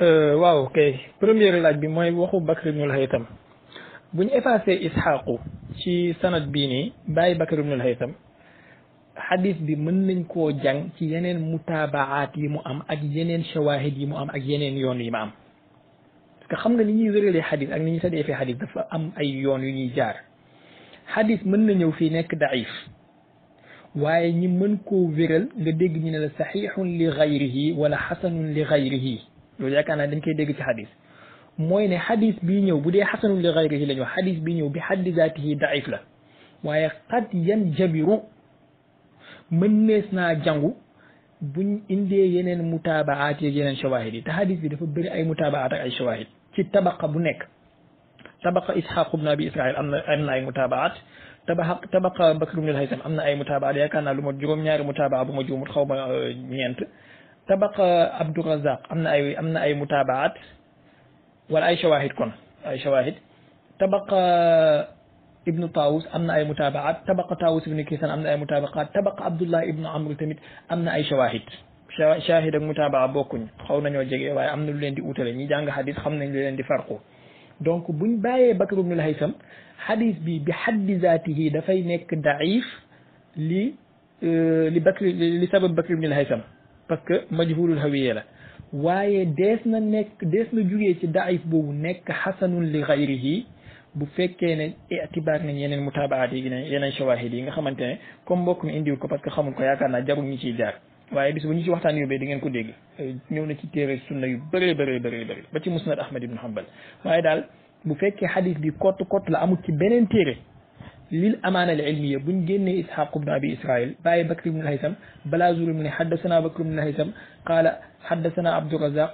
euh, waaw kay première laaj bi mooy waxu Bakr ibnul Haytham bu ñu effacé ci sanad bii nii bàyyi Bakr ibnul Haytham xadis bi mën nañ koo jàng ci yeneen mutaabaat yi mu am ak yeneen shawaahid yi mu am ak yeneen yoon yi ma am. que xam nga ni ñuy wéralee xadis ak ni ñuy sadee fi xadis dafa am ay yoon yu ñuy jaar xadis mën na ñëw fii nekk daif waaye ñi mën koo wéral nga dégg ñu ne la saxiixun li gayrihi wala xasanun li gayrihi loolu yaakaar naa dañ koy dégg ci mooy ne xadis bii ñëw bu dee xasanun li gayrihi la ñu wax xadis bii ñëw bi xaddi zaatihi daif la waaye xat yan jabiru mën nees naa jàngu buñ indee yeneen mutaabaat yeeg yeneen shawahid yi te xadis bi dafa bëri ay mutaabaat ay shawahid ci tabaqa bu nekk tabaqa ishaq ibn abi israil am na am na ay mutaabaat tabaqa tabaqa bakr ibn al-haytham am na ay mutaabaat yaakaar naa lu ma juróom-ñaari mutaabaa bu ma juumut xaw ma euh, ñeent tabaqa abdourazaq am na ay am na ay mutaabaat wala ay shawahid kon ay shawahid tabaqa ibnu Taawus am na ay mutaabaat tabaqa Taawus ibnu Kisan am na ay mutaabaqaat tabaqa Abdullah ibnu Amr tamit am na ay shawaahid shahid ak mutaba bokkuñ xaw nañoo jege waaye am na leen di utale ñi jàng hadis xam nañ lu leen di farqu donc buñ bàyyee Bakr ibnul Haysam hadis bi bi haddi zaatihi dafay nekk daif li euh, li Bakr li sabab Bakr ibnul Haysam parce que majhulul hawiya la waaye dees na nekk dees na jugee ci daif boobu nekk xasanun li xayrihi bu fekkee ne itibaar nañ yeneen mutaabaat yi yeneen shawahid yi nga xamante ne comme mbokk mi ko parce que xamul ko yaakaar naa jarul ñu ciy jaar waaye bis bu ñu ci waxtaan yóbbee di ngeen ko dégg ñëw na ci téere sunna yu bëree bëree bëree bëri ba musnad ahmad ibn hanbal waaye daal bu fekkee xadis bi kott kott la amul ci beneen téere lil amaana al ilmiya buñ génnee ishaq ibn abi israil bàyyi bakr ibn haysam balaa zulum ne haddasana bakr ibn haysam qaala haddasana abdurazaq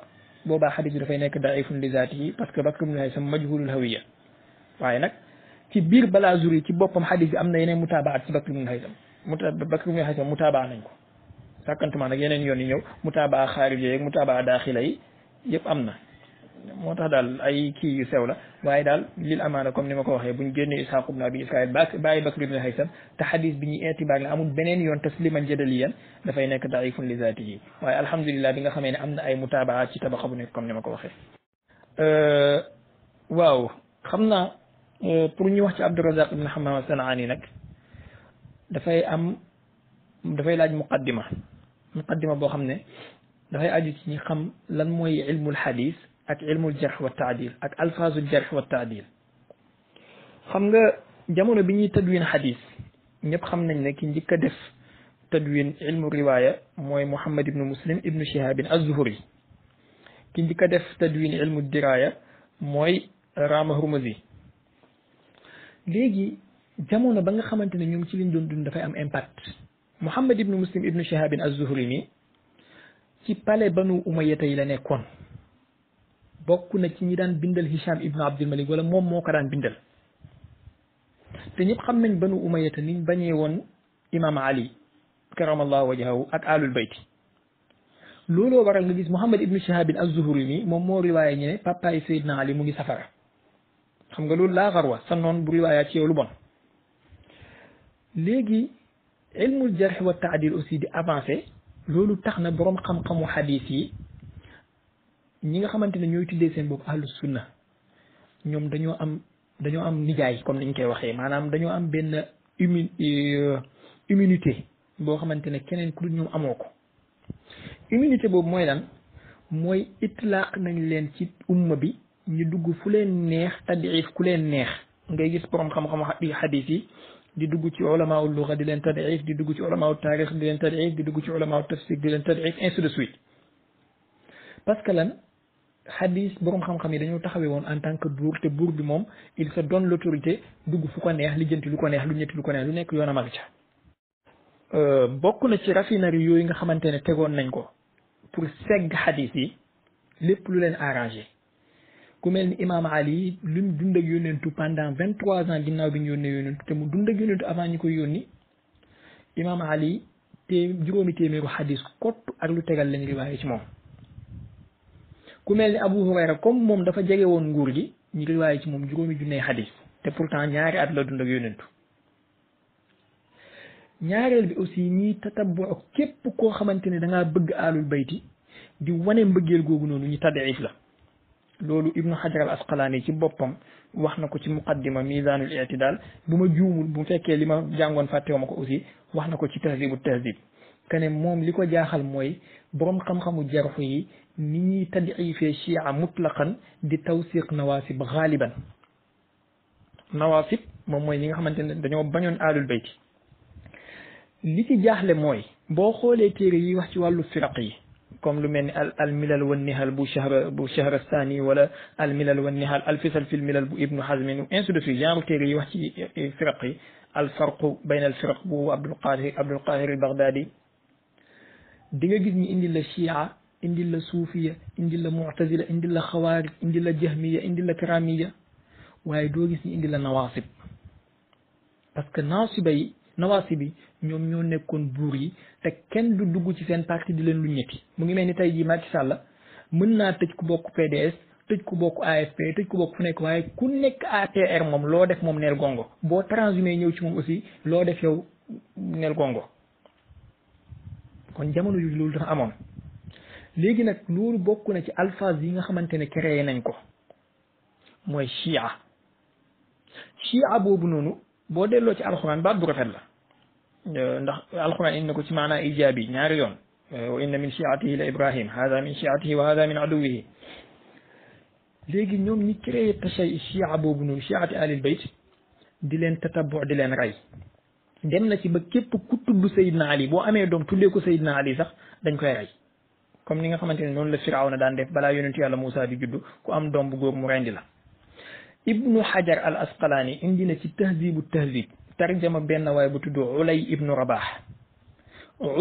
boobaa xadis bi dafay nekk daifun li zaatihi parce que bakr ibn haysam majhulul hawiya waaye nag ci biir balaa zuri ci boppam xadis bi am na yeneen mutaabaat ci bakr ibn haysam muta bakr ibn haysam mutaabaa ko sàkkantuma nag yeneen yoon yi ñëw mutaabaa xaarija yeeg mutaabaa daaxila yi yëpp am na moo tax daal ay kii yu sew la waaye daal lil amaana comme ni ma ko waxee buñ génnee Isaaq ibn Abi Israil ba bàyyi Bakr ibn Haysam te xadis bi ñuy intibaag la amul beneen yoon tasliman jadaliyan dafay nekk daifun li zaatihi waaye alhamdulilah bi nga xamee ne am na ay mutaabaa ci tabaxa bu nekk comme ni ma ko waxee euh, waaw xam naa euh, pour ñu wax ci Abdurazaq ibn Hammam Sanaani nag dafay am dafay laaj muqaddima muqaddima boo xam ne dafay aju ci ñi xam lan mooy ilmul xadis ak ilmul jarx wa taadil ak alfaazul jarx wa taadil xam nga jamono bi ñuy tadwin xadis ñëpp xam nañ ne ki njëkk a def tadwin ilmu riwaaya mooy Muhammad ibnu Muslim ibnu ki njëkk a def tadwin ilmu diraaya mooy Rama Hurmuzi léegi jamono ba nga xamante ne ñoom ci liñ doon dund dafay am impact Muhammad ibnu Muslim ibnu Shihabin az-Zuhri mi ci palais banu Umayya yi la nekkoon bokk na ci ñi daan bindal Hisham ibnu Abdul Malik wala moom moo ko daan bindal te ñëpp xam nañ banu Umayya te niñ bañee woon imaam Ali karamallahu wajhahu ak alul bayti looloo waral nga gis Muhammad ibnu Shihabin az-Zuhri mi moom moo riwaayé ñi ne papaay Seydina Ali mu ngi safara xam nga loolu laa xarwa sa noon bu riwaayaat ci yow lu bon léegi ilmul jarx wa taadil aussi di avancé loolu tax na boroom xam-xamu xadis yi ñi nga xamante ne ñooy tuddee seen bopp ahlu sunna ñoom dañoo am dañoo am nijaay comme niñ koy waxee maanaam dañoo am benn immu euh, immunité boo xamante ne keneen ku dul ñoom amoo ko immunité boobu mooy lan mooy itlaaq nañ leen ci umma bi ñu dugg fu leen neex taddiif ku leen neex ngay gis boroom xam-xamu xadis yi di dugg ci ulamaul luga di leen tadif di dugg ci ulamaul taarix di leen tadif di dugg ci ulamaul tafsir di leen tadif ainsi de suite parce que lan xadis borom xam-xam yi dañoo taxawee woon en tant que buur te buur bi moom il se donne l'autorité dugg fu ko neex lijjanti lu ko neex lu ñetti lu ko neex lu nekk yoon a mag ca euh, bokk na ci raffinerie yooyu nga xamante ne tegoon nañ ko pour segg xadis yi lépp lu leen arrangé ku mel ni imaam Ali lim dund ak yónnentu pendant vingt trois ans ginnaaw bi ñu yónnee yónnentu te mu dund ak yónnentu avant ñu koy yónni imaam Ali té juróomi téeméeru xadis kott ak lu tegal lañ riwaaye ci moom ku mel ni Abu Hurayra comme moom dafa jege woon nguur gi ñu riwaaye ci moom juróomi junnee xadis te pourtant ñaari at la dund ak yónnentu ñaareel bi aussi ñiy tatabbu képp koo xamante ne da ngaa bëgg aalul bayti di wane mbëggeel googu noonu ñu taddiif la loolu ibnu xajar al asqalaani ci boppam wax na ko ci muqaddima misanul itidal bu ma juumul bu fekkee li ma jàngoon ma ko aussi wax na ko ci tahdibu tahdib kene moom li ko jaaxal mooy boroom xam-xamu jarxu yi ni ñuy tadiifee chia mutlaqan di tawsiq nawasib xaaliban nawasib moom mooy ñi nga xamante ne dañoo bañoon aalul bayti li jaaxle mooy boo xoolee téere yi wax ci wàllu firaq yi comme lu mel ni al al milal wa nihal bu shahr bu shahrastani wala al milal wa nihal al fisal fil milal bu ibnu hazmin ainsi de suite genre téere yi wax ci e, e, firaq yi al farqu bayna al firaq bu abdul qahir abdul qahir al baghdadi di nga gis ñi indi la chia indi la suufiya indi la mu'tazila indi la xawaarij indi la jahmiya indi la karamiya waaye doo gis ñi indi la nawaasib parce que naasiba yi nawaasi bi ñoom ñoo nekkoon buur yi te kenn du dugg ci seen parti di leen lu ñetti mu ngi mel ni tey jii Macky Sall mën naa tëj ku bokk PDS tëj ku bokk AFP tëj ku bokk fu nekk waaye ku nekk ATR moom loo def moom neel gongo boo transhumé ñëw ci moom aussi loo def yow neel gongo kon jamono yu loolu dafa amoon léegi nag loolu bokk na ci alphase yi nga xamante ne créé nañ ko mooy chia chia boobu noonu boo delloo ci alxumaan baat bu rafet la Euh, ndax alquran indi na ko ci maanaa ijaabi ñaari yoon euh, wa inna min chiatihi la ibrahim hada min chiatihi wa hada min aduwihi léegi ñoom ñi créé tashay chia boobu noonu chiati alil bayt di leen tataboo di leen rey dem na ci ba képp ku tudd Seydina Ali boo amee doom tuddee ko Seydina Ali sax dañ koy rey comme ni nga xamante ne noonu la Firawna daan def balaa yonentu yàlla Moussa di juddu ku am doom bu góor mu rendi la ibnu Hajar al Asqalaani indi na ci tahzibu tahzib tarjama benn waay bu tudd ulay ibnu rabaax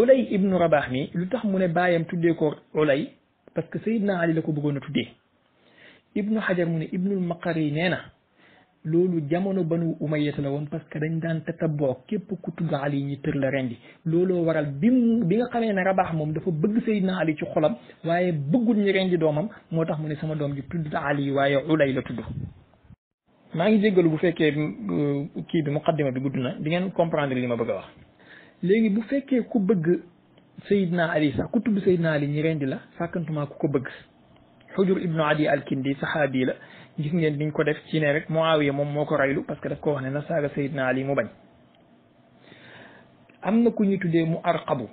ulay ibnu rabaax mi lu tax mu ne baayam tuddee ko ulay parce que sayidna ali la ko bëggoon a tuddee ibnu xajar mu ne ibnul maqari nee na loolu jamono banu umayyat la woon parce que dañ daan tataboo képp ku tudd ali ñi tër la rendi looloo waral bi mu bi nga xamee ne rabaax moom dafa bëgg sayidna ali ci xolam waaye bëggul ñi rendi doomam moo tax mu ne sama doom ji tudd ali waaye ulay la tudd maa ngi jéggalu bu fekkee euh, kii bi muqaddima bi gudd na di ngeen comprendre li ma bëgg a wax léegi bu fekkee ku bëgg Seydina Ali sax ku tudd Seydina Ali ñi rendi la sàkkantumaa ku ko bëgg xujur ibnu adi alkindi saxaabi la gis ngeen diñ ko def ci ne rek Muawiya moom moo ko raylu parce que daf ko wax ne na saaga Seydina Ali mu bañ am na ku ñu tuddee mu arqabu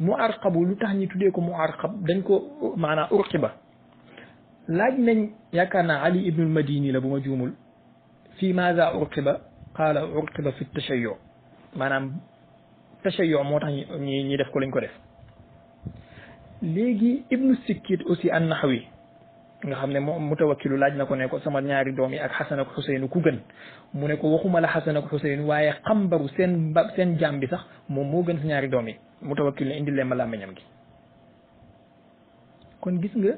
mu arqabu lu tax ñu tuddee ko mu arqab dañ ko maanaam urqiba laaj nañ yaakaar naa ali ibnul madini la bu ma juumul fii maza urqiba qaala urqiba fi tashayyu maanaam tashayyu moo tax ñi ñi def ko lañ ko def léegi ibnu sikkit aussi an naxwi nga xam ne moom mutawakkilu laaj na ko nekko sama ñaari doom ak xasan ak xuseynu ku gën mu ne ko waxuma la xasan ak xuseynu waaye xambaru seen ba seen jaam sax moom moo gën sa ñaari doom yi mutawakkilu ne indi leen ma làmmiñam gi kon gis nga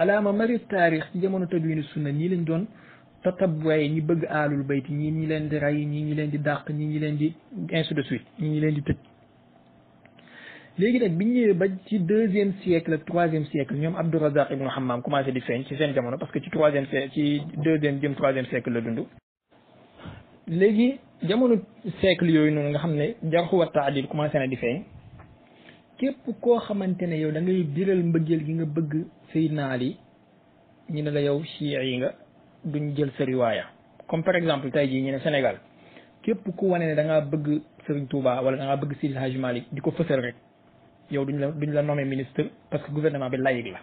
ala mamari taarix ci jamono tadwinu sunna ñii lañ doon tatabwaye ñi bëgg aalul bayti ñii ñi leen di rey ñii ñi leen di dàq ñii ñi leen di ainsi de suite ñii ñi leen di tëj léegi nag biñ ñëwee ba ci deuxième siècle ak troisième siècle ñoom Abdourazaq ibnu Hammam commencé di feeñ ci seen jamono parce que ci troisième siècle ci deuxième jëm troisième siècle la dund léegi jamono siècle yooyu noonu nga xam ne jarxu wa taadil commencé na di feeñ képp koo xamante ne yow dangay ngay biral mbëggeel gi nga bëgg Seydina Ali ñu ne la yow chia yi nga duñ jël sa riwaaya comme par exemple tey jii ñu ne Sénégal képp ku wane ne da ngaa bëgg Serigne Touba wala da bëgg Seydi Hadji di ko fësal rek yow duñ la duñ la nommé ministre parce que gouvernement bi laïque la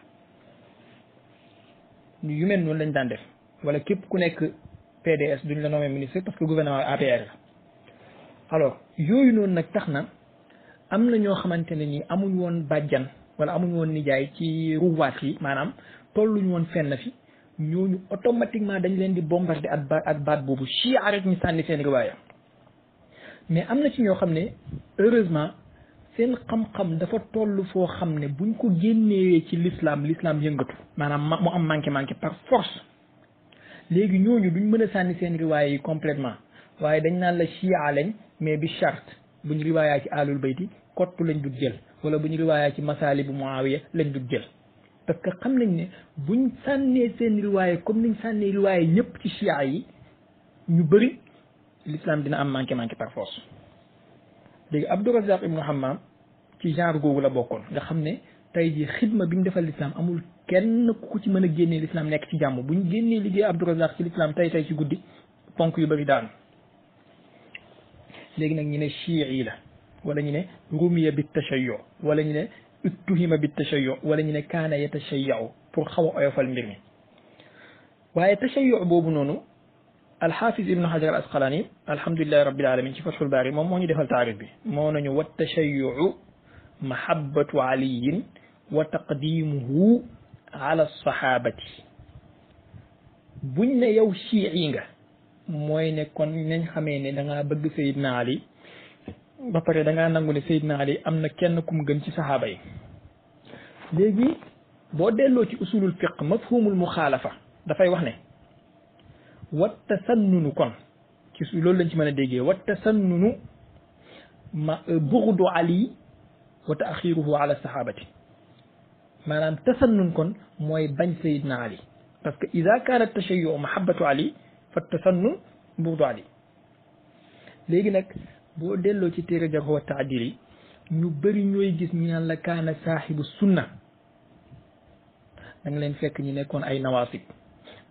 yu mel noonu lañ daan def wala képp ku nekk PDS duñ la nommé ministre parce que gouvernement bi APR la alors yooyu noonu nag tax na. am na ñoo xamante ne ni amuñ woon bàjjan wala amuñ woon nijaay ci ruwaat yi maanaam ñu woon fenn fi ñooñu automatiquement dañ leen di bombardé ak baat ak baat boobu chia rek ñu sànni seen riwaaya mais am na ci ñoo xam ne heureusement seen xam-xam dafa toll foo xam ne buñ ko génnewee ci l'islam l'islam yëngatu maanaam mu am manqué manqué par force léegi ñooñu duñ mën a sànni seen riwaaya yi complètement waaye dañ naan la chia lañ mais bi charte buñ riwaayaa ci alul bayti kottu lañ dut jël wala bu ñu riwaayaa ci masaali bu muawiya lañ dut jël parce que xam nañ ne buñ sànnee seen riwaaye comme niñ sànnee riwaaye ñëpp ci chia yi ñu bëri l'islam dina am manqué manqué par force léegi Abdourazaq ibnu Hammam ci genre googu la bokkoon nga xam ne tey jii xidma bi mu defal l'islam amul kenn ku ci mën a génnee l'islam nekk ci jàmm bu ñu génnee liggéey Abdourazaq ci l'islam tey tey ci guddi ponk yu bari daanu léegi nag ñu ne chiites yi la wala ñu ne rumiya bi tashayyu wala ñu ne uttuhima bi tashayyu wala ñu ne pour xaw a oyofal mbir mi waaye tashayyu boobu noonu alxaafis ibnu hajar al asqalani alhamdulilahi rabbil alamin ci fathul baari moom moo ñu defal taarif bi moo nañu wa tashayyu mahabbatu aliyin wa taqdimuhu ala sahabati buñ ne yow chii ne kon nañ xamee ne da ngaa bëgg sayidna ali ba pare da ngaa nangu ne Seydina Ali am na kenn kum gën ci saxaaba yi léegi boo delloo ci usulul fiq mafhumul muxaalafa dafay wax ne watta sannunu kon ci loolu lañ ci mën a déggee watta sannunu ma euh, buxdu Ali wa taaxiruhu ala saxaabati maanaam tasannun kon mooy bañ Seydina Ali parce que ida kaana tachayu mahabatu Ali fa tasannun buxdu Ali léegi nag boo delloo ci téere jarh wa ñu bëri ñooy gis ñu naan la kaana saaxibu sunna da leen fekk ñu nekkoon ay nawaasib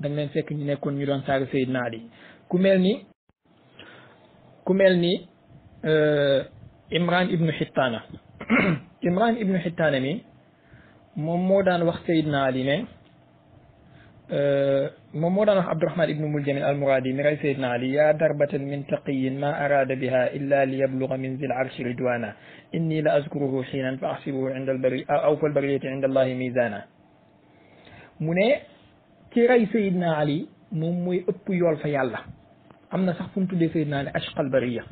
da nga leen fekk ñu nekkoon ñu doon saaga Seydina Ali ku mel ni ku mel ni euh, Imran ibnu Hittaana [CLEARS THROAT] Imran ibnu Hittaana mi moom moo daan wax Seydina Ali ne euh, moom moo daan wax abdourahman ibnu muljamin almouradi mi ray saydna ali yaa darbatan min taqiyin ma araada biha illa li yabluga min zil arshi ridwana inni la azkuruhu xiinan fa axsibuhu inda albari aw fa albariyati inda allahi misana mu ne ci ray saydna ali moom mooy ëpp yool fa yàlla am na sax fu mu tuddee saydna ali ashqal bariya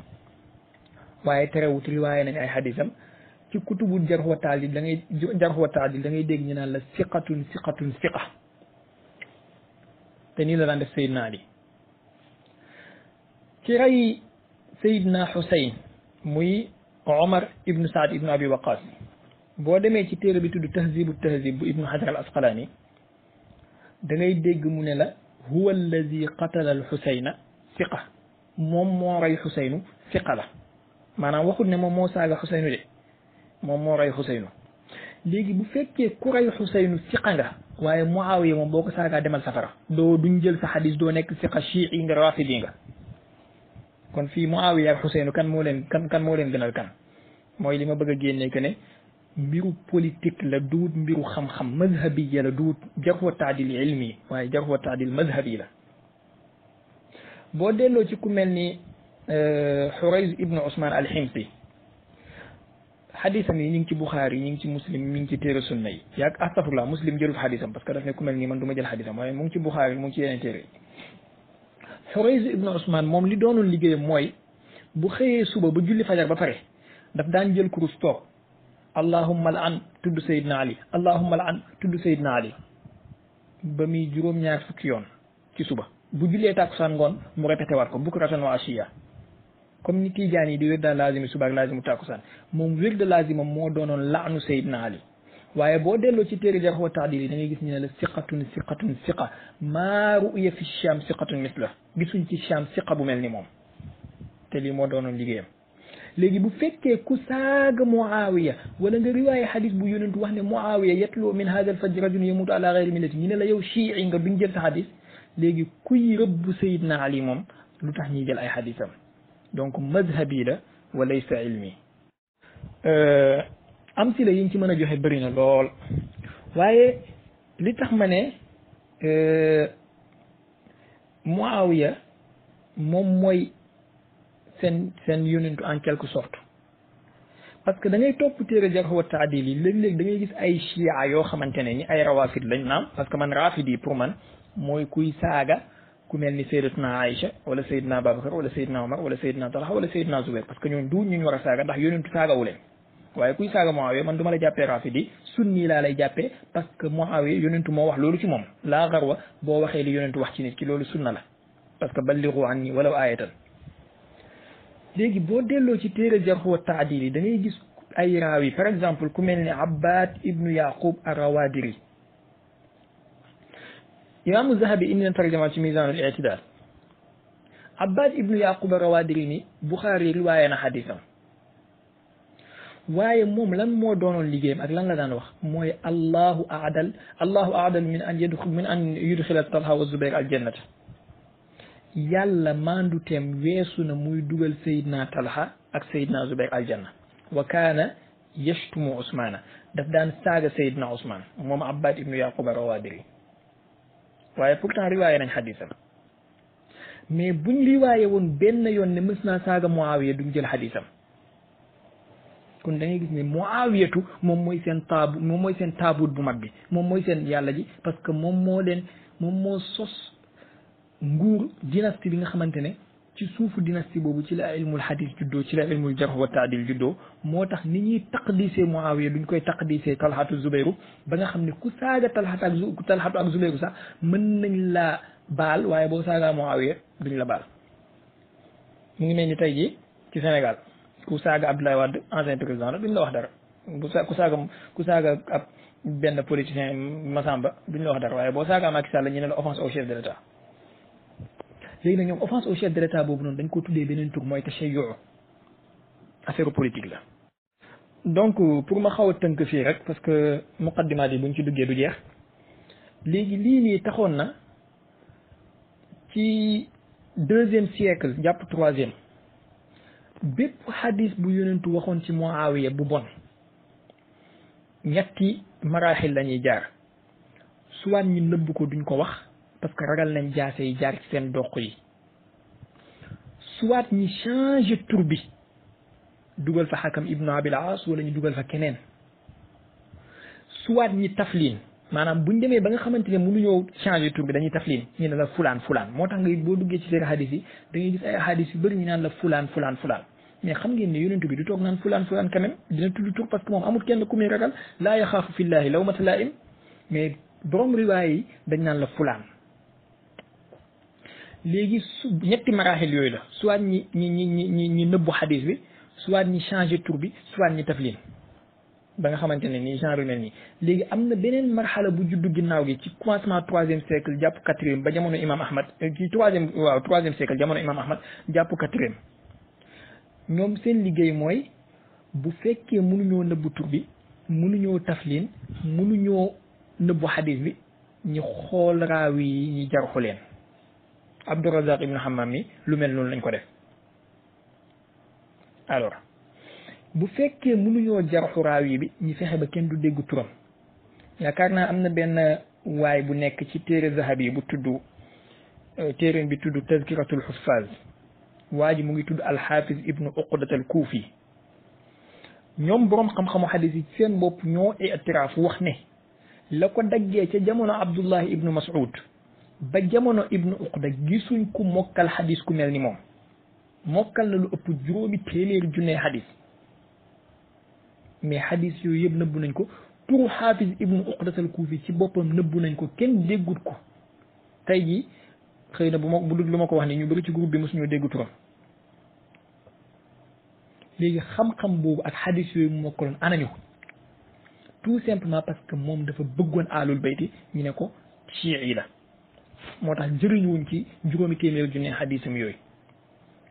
waaye terewut riwaaye nañ ay xadisam ci kutubul jarx wa taadil da ngay jarx wa taadil da ngay dégg ñu naan la siqatun siqatun siqa te nii la daan def Seydina Ali ki rey Seydina Xuseyn muy Omar ibnu Saad ibnu Abi Waqaas boo demee ci téere bi tudd tahzibu tahzib bu ibnu Hajar al Asqalaani da ngay dégg mu ne la huwa alladi qatala al Xuseyna siqa moom moo rey Xuseynu la maanaam waxut ne moom moo saaga Xuseynu de moom moo rey Xuseynu léegi bu fekkee ku rey Xuseynu nga waaye Muawiya moom boo ko saagaa demal safara doo duñ jël sa xadis doo nekk siqa chii'i nga rafidi nga kon fii Muawiya ak Xuseenu kan moo leen kan kan moo leen gënal kan mooy li ma bëgg a génnee que ne mbiru politique la duut mbiru xam-xam mazhabiya la duut jarwa taadil ilmi waaye jarwa taadil mazhabi la boo delloo ci ku mel ni Xurayz euh, ibnu Ousmane al-Himsi xadisam yi ñu ngi ci Buxaari ñu ngi ci muslim ñu ngi ci téere sunna yi yaag astafurlah muslim jëlul xadisam parce que daf ne ku mel nii man du jël xadisam waaye mu ngi ci Buxaari mu ngi ci yeneen téere yi Xurays ibnu Usmaan moom li doonul liggéeyam mooy bu xëyee suba ba julli fajar ba pare daf daan jël kurus toog allahumma la an tudd Seydina Ali allahumma la an tudd Seydina Ali ba muy juróom-ñaar fukki yoon ci suba bu jullee tàkkusaan ngoon mu répété waat ko bukratan wa comme ni tiijaan yi di wér daan laazimi suba ak laazimu tàkkusaan moom wér de laazimam moo doonoon laanu Seydina Ali waaye boo delloo ci téere jarh wa taadil yi da ngay gis ñu ne la siqatun siqatun siqa maa ru'ya fi Sham siqatun misla gisuñ ci Sham siqa bu mel ni moom te lii moo doonoon liggéeyam léegi bu fekkee ku saaga Muawiya wala nga riwaaye xadis bu yonentu wax ne Muawiya yatloo min hada al fajri rajulun yamutu ala gayri millati ñu ne la yow chii nga duñ jël sa xadis léegi kuy rëbb Seydina Ali moom lu tax ñuy jël ay xadisam donc madhabi la wa laysa ilmi euh, am si la yiñ ci mën a joxe bëri na lool waaye li tax ma ne mu euh, Muawiya moom mooy seen seen yonentu en quelque sorte parce que dangay ngay topp téere jarh wa taadil yi léeg-léeg da ngay gis ay chia yoo xamante ne ni ay rawafid lañ naam parce que man rafidi pour man mooy kuy saaga ku mel ni sayyidatuna Aïcha wala sayyidna Babacar wala sayyidna Omar wala sayyidna Talha wala sayyidna Zubair parce que ñooñu du ñu ñu war a saaga ndax yonentu saagawu leen waaye kuy saaga Muawiya man du ma la jàppee rafidi sunni laa lay jàppe parce que Muawiya yonentu moo wax loolu ci moom laa xarwa boo waxee li yonentu wax ci nit ki loolu sunna la parce que balligu anni walaw aayatan léegi boo delloo ci téere jarh wa taadil yi da ngay gis ay raaw yi par exemple ku mel ni Abbad ibnu Yaqub imaamu zahabi indi na tarjama ci misaan al itidal abbad ibnu yaqub rawadiri ni buxaari riwaaye na xadisam waaye moom lan moo doonoon liggéeyam ak lan la daan wax mooy allahu aadal allahu aadal min an yud min an yudxila talha wa zubair aljannata yàlla maanduteem weesu na muy dugal sayidna talha ak sayidna zubair aljanna wa kaana yashtumu usmaana daf daan saaga sayidna usmaan moom abbad ibnu yaquba rawadiri waaye pourtant riwaaye nañ xadisam mais buñ riwaaye woon benn yoon ne mës naa saaga Muawiya duñ jël xadisam kon da ngay gis ne Muawiyatu moom mooy seen taabu moom mooy seen taabut bu mag bi moom mooy seen yàlla ji parce que moom moo leen moom moo sos nguur dynastie bi nga xamante ne ci suufu dynastie boobu ci la ilmul xadis juddoo ci la ilmul jarx wa taadil juddoo moo tax ni ñuy taqdisee Muawiya duñ koy taqdisee talxatu zubeyru ba nga xam ne ku saaga talxatu ak zu talxatu ak zubeyru sax mën nañ la baal waaye boo saagaa Muawiya duñ la baal. mu ngi mel ni tey jii ci Sénégal ku saaga Abdoulaye Wade ancien président la duñ la wax dara bu sa ku saaga ku saaga ab benn politicien Masamba duñ la wax dara waaye boo saagaa Macky Sall ñu ne la offense léegi nag ñoom offense au chef de l'état boobu noonu dañ ko tuddee beneen tur mooy tashayyu affaire politique la. donc pour ma xaw a tënk fii rek parce que muqaddimaat yi ñu ci duggee du jeex léegi lii nii taxoon na ci deuxième siècle jàpp troisième bépp xadis bu yonentu waxoon ci Muawiya bu bon ñetti maraaxil la ñuy jaar soit ñi nëbb ko duñ ko wax parce que ragal nañ jaase yi jaar ci seen doq yi soit ñi changé tour bi dugal fa xakam ibnu abil aas wala ñu dugal fa keneen soit ñi taflin maanaam buñ demee ba nga xamante ne mënuñoo changé tur bi dañuy taflin ñu ne la fulaan fulaan moo tax nga boo duggee ci seen hadis yi da gis ay hadis yu bëri ñu naan la fulaan fulaan fulaan mais xam ngeen ne yonent bi du toog naan fulaan fulaan quand même dina tudd tur parce que moom amul kenn ku muy ragal laa yaxaafu fillahi lawmata laa'im mais borom riwaay yi dañ naan la fulaan léegi su ñetti maraaxil yooyu la soit ñi ñi ñi ñi ñi nëbbu xadis bi suwaat ñi changé tur bi soit ñi taflin ba nga xamante ne nii genre mel nii léegi am na beneen marxala bu juddu ginnaaw gi ci commencement troisième siècle jàpp quatrième ba jamono imam ahmad euh, ci troisième waaw troisième siècle jamono imam ahmad jàpp quatrième ñoom seen liggéey mooy bu fekkee mënuñoo nëbbu tur bi mënuñoo taflin mënuñoo nëbbu xadis bi ñi xool raawi yi ñi jarxu leen Abdourazaq ibn Hammam mi lu mel noonu lañ ko def alors bu fekkee mu mënuñoo jarxu raawi bi ñu fexe ba kenn du dégg turam yaakaar naa am na benn waay bu nekk ci téere zahab yi bu tudd euh, téeréen bi tudd tazkiratul xuffaz waa ji mu ngi tudd alxaafis ibnu uqdat ñoom boroom xam-xamu seen bopp ñoo itiraaf wax ne daggee ca jamono abdullahi ibnu mas'ud ba jamono ibnu uqda gisuñ ku mokkal xadis ku mel ni moom mokkal na lu ëpp juróomi téeméeri junnee xadis mais xadis yooyu yëpp nëbbu nañ ko turu xaafis ibnu uqdatal kuufi ci boppam nëbbu nañ ko kenn déggut ko tey jii xëy na bu ma bu dul lu ma ko wax ni ñu bëri ci groupe bi mosuñoo dégg turam léegi xam-xam boobu ak xadis yooyu mu mokkaloon anañu ko tout simplement parce que moom dafa bëggoon aalul bayti ñu ne ko yi la moo tax jëriñuwuñ ci juróomi téeméer junne xadisam yooyu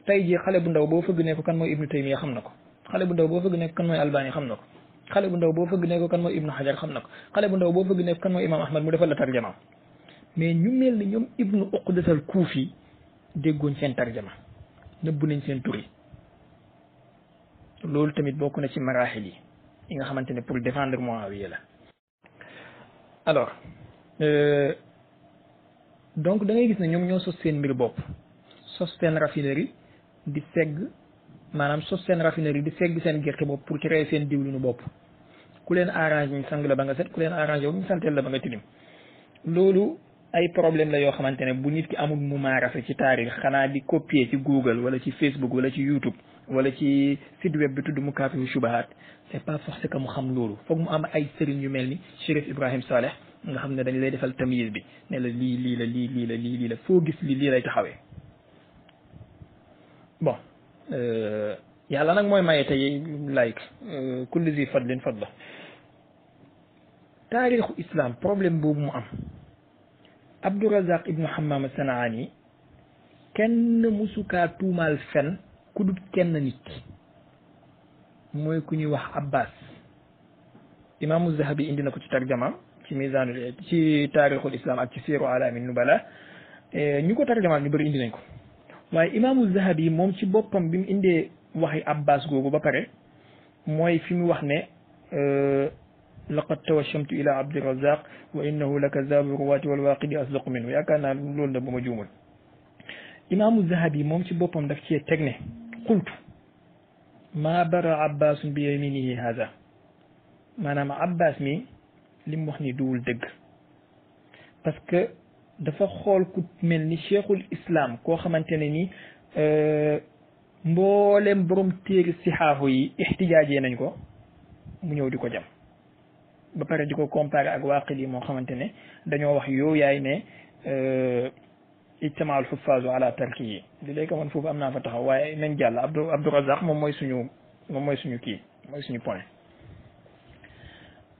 tey jii xale bu ndaw boo fëgg ne ko kan mooy ibnu taymiya xam na ko xale bu ndaw boo fëgg ne ko kan mooy albani xam na ko xale bu ndaw boo fëgg ne ko kan mooy ibnu hajar xam na ko xale bu ndaw boo fëgg ne ko kan mooy imam ahmad mu defal la tarjama mais ñu mel ni ñoom ibnu uqdatal kuufi déggoon seen tarjama nëbbu nañ seen tur yi loolu tamit bokk na ci maraaxil yi yi nga xamante ne pour défendre Muawiya la alors euh, donc da ngay gis ne ñoom ñoo sos seen mbir bopp sos seen raffinerie di segg maanaam sos seen raffinerie di segg seen gerte bopp pour créer seen diwlinu bopp ku leen arrange ñu sang la ba nga set ku leen arrangé wu ñu santeel la ba nga tilim loolu ay problème la yoo xamante ne bu nit ki amul mu maarase ci taarix xanaa di copier ci Google wala ci Facebook wala ci YouTube wala ci site web bi tudd mu yu shubahat c'est pas forcé que mu xam loolu foog mu am ay sëriñ yu mel ni Chérif Ibrahim Saleh nga xam ne dañ lay defal tamise bi ne la lii lii la lii lii la lii lii la foo gis li lii lay taxawee bon euh, yàlla nag mooy maye tey like euh, kulli zi fadlin fadla taarixu islam problème boobu mu am Abdurazaq ibnu Hammam Sanaani kenn musukaa tuumaal fen ku kenn nit mooy ku ñuy wax Abbas imaamu Zahabi indi na ko ci tarjamaam ci misaanul ci taarixul islam ak ci siiru alamin nubala e, ñu ko tarjamaal ñu bëri indi nañ ko waaye imaamu zahabi moom ci boppam bi mu indee waxi abbas googu ba pare mooy fi mu wax ne e, laqad tawashamtu ila abdirazaq wa innahu la kazabu ruwaati walwaqidi asdaqu minhu yaakaar naa loolu da ba ma juumul imaamu zahabi moom ci boppam daf cee teg ne qultu maa bara abbasun bi yaminihi haza maanaam abbas mi li wax nii duwul dëgg parce que dafa xool ku mel ni cheikhul islam koo xamante ne ni euh, mboolem borom téeri sixaafu yi ixtijaajee nañ ko mu ñëw di ko jam ba pare di ko comparer ak waaqil yi moo xamante ne dañoo wax yow yaay ne euh, ijtamaal xuffaasu ala tarki yi li léegi man foofu am naa fa taxaw waaye nañ jàll Abdou Abdou Razaq moom mooy suñu moom mooy suñu kii mooy suñu point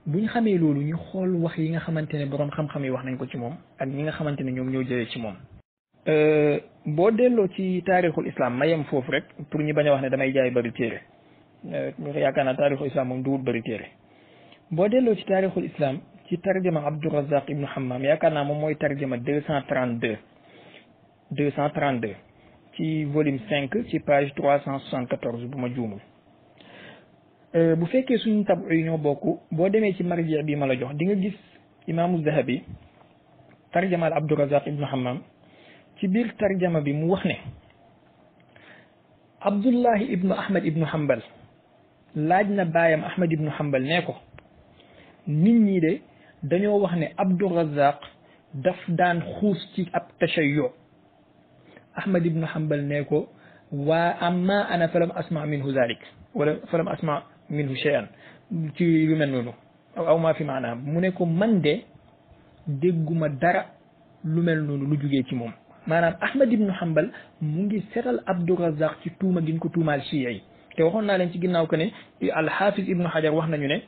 bu ñu xamee loolu ñu xool wax yi nga xamante ne boroom xam-xam yi wax nañ ko ci moom ak ñi nga xamante ne ñoom ñoo jëlee ci moom. Euh, boo delloo ci taarixul islam mayem foofu rek pour ñu bañ wax ne damay jaay bëri téere euh, yaakaar naa taarixul islam moom duwut bëri téere boo delloo ci taarixul islam ci tarjama Abdourazaq ibnu Hammam yaakaar naa moom mooy tarjama deux cent trente deux deux cent trente deux ci volume cinq ci page trois cent soixante quatorze bu ma juumul. Euh, bu fekkee suñu tab yi ñoo bokk boo demee ci marji bi ma la jox di nga gis imaamu zahabi tarjamaal abdurazaq ibnu hammam ci biir tarjama bi mu wax ne abdullahi ibnu ahmad ibnu hambal laaj na baayam ahmad ibnu hambal nee ko nit ñi de dañoo wax ne abdurazaq daf daan xuus ci ab tashayyo ahmad ibnu hambal nee ko waa amma ana falam asma minhu zalik wala falam asma minhu shay'an ci yu mel noonu aw maa fi maanaam mu ne ko man de dégguma dara lu mel noonu lu jugee ci moom maanaam Ahmad ibnu Hanbal mu ngi setal Abdurazaq ci tuuma gi ñu ko tuumaal shii yi te waxoon naa leen ci ginnaaw ko ne alxaafis ibnu Hajar wax nañu ne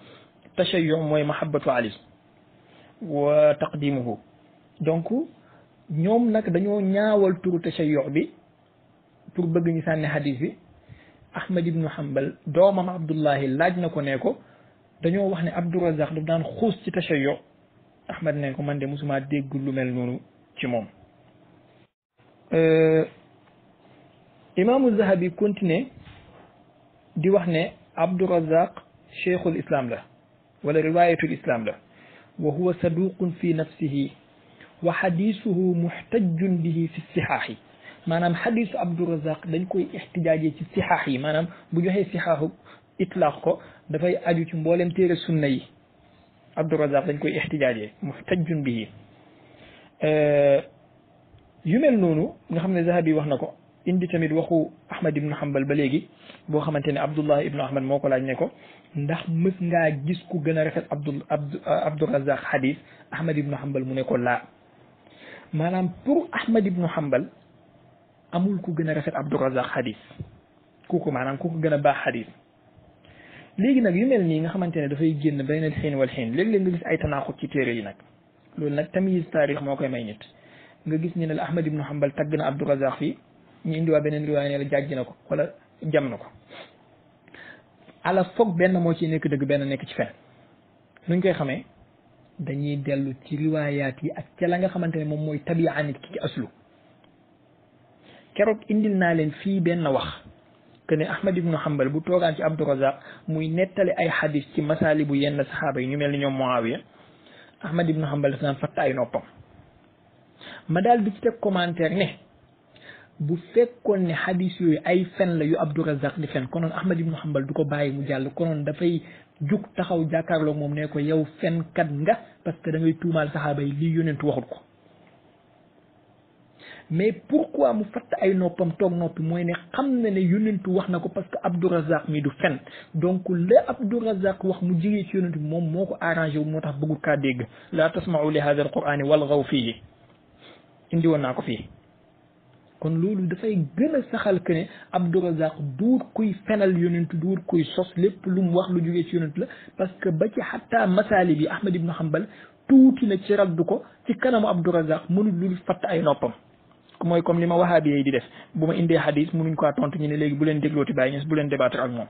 tashayyu mooy mahabbatu Ali wa taqdimuhu donc ñoom nag dañoo ñaawal turu tashayyu bi pour bëgg ñu sànni hadis bi ahmad ibnu hambal doomam abdullahi laaj na ko ne dañoo wax ne abdourazaq daf daan xuus ci tashayyo ahmad ne ko man de musuma dégg lu mel noonu ci moom euh, imaamu zahabi continue di wax ne abdourazaq cheikhul islam la wala riwayatul islam la wa huwa saduqun fi nafsihi wa xadiisuhu muxtajjun bihi fi sihaahi maanaam xadisu Abdurazaq dañ koy ixtijaaje ci sixaax yi maanaam bu joxee sixaaxu itlaaq ko dafay aju ci mboolem téere sunna yi Abdurazaq dañ koy ixtijaaje muxtajjun bihi yu mel noonu nga xam ne Zahabi wax na ko indi tamit waxu Ahmad ibnu xambal ba léegi boo xamante ne Abdullah ibnu Ahmad moo ko laaj ne ko ndax mës ngaa gis ku gën a rafet Abdul Abdurazaq xadis Ahmad ibnu Hanbal mu ne ko laa maanaam pour Ahmad ibnu xambal amul ku gën a rafet Abdourazaq xadis kooku maanaam ko gën a baax xadis léegi nag yu mel nii nga xamante ne dafay génn baynal xiin wal xiin léeg-léeg nga gis ay tanaaxut ci téere yi nag loolu nag tamyiz taarix moo koy may nit nga gis ñu ne la Ahmad ibnu Hanbal tagg na Abdourazaq fii ñu indiwaa beneen riwaay ne la jàjj na ko walla jam na ko ala foog benn moo ciy nekk dëgg benn nekk ci fen nuñ koy xamee dañuy dellu ci riwaayaat yi ak ca la nga xamante ne moom mooy tabi'a nit ki ci aslu keroog indil naa leen fii benn wax que ne Ahmad ibnu xambal bu toogaan ci Abdurazaq muy nettali ay xadis ci masaali bu yenn saxaaba yi ñu mel ni ñoom Muawiya Ahmad ibnu Hanbal daf naan fatt ay noppam ma daal di ci teg commentaire ne bu fekkoon ne xadis yooyu ay fen la yu Abdurazaq di fen konoon Ahmad ibnu xambal du ko bàyyi mu jàll konoon dafay jug taxaw jàkkaarloog moom ne ko yow fenkat nga parce que da tuumaal saxaaba yi lii yonentu waxut ko mais pourquoi mu fatt ay noppam toog noppi mooy ne xam na ne yonentu wax na ko parce que Abdourazaq mii du fen donc la Abdourazaq wax mu jigee ci yonentu moom moo ko arrangé wu moo tax ba bëggul kaa dégg laa tasma'u li hadha alqur'ani walghaw fiihi indi woon naa ko fii kon loolu dafay gën a saxal que ne Abdourazaq duur kuy fenal yonentu duur kuy sos lépp lu mu wax lu jugee ci yonentu la parce que ba ci xatta masaali bi Ahmad ibn Hanbal tuuti na ci raddu ko ci kanamu Abdourazaq mënul lul fatt ay noppam mooy comme li ma wahaabi yi di def bu ma indee hadis munuñ koo tontu ñu ne léegi bu leen déglooti Baye Niass bu leen débattre ak moom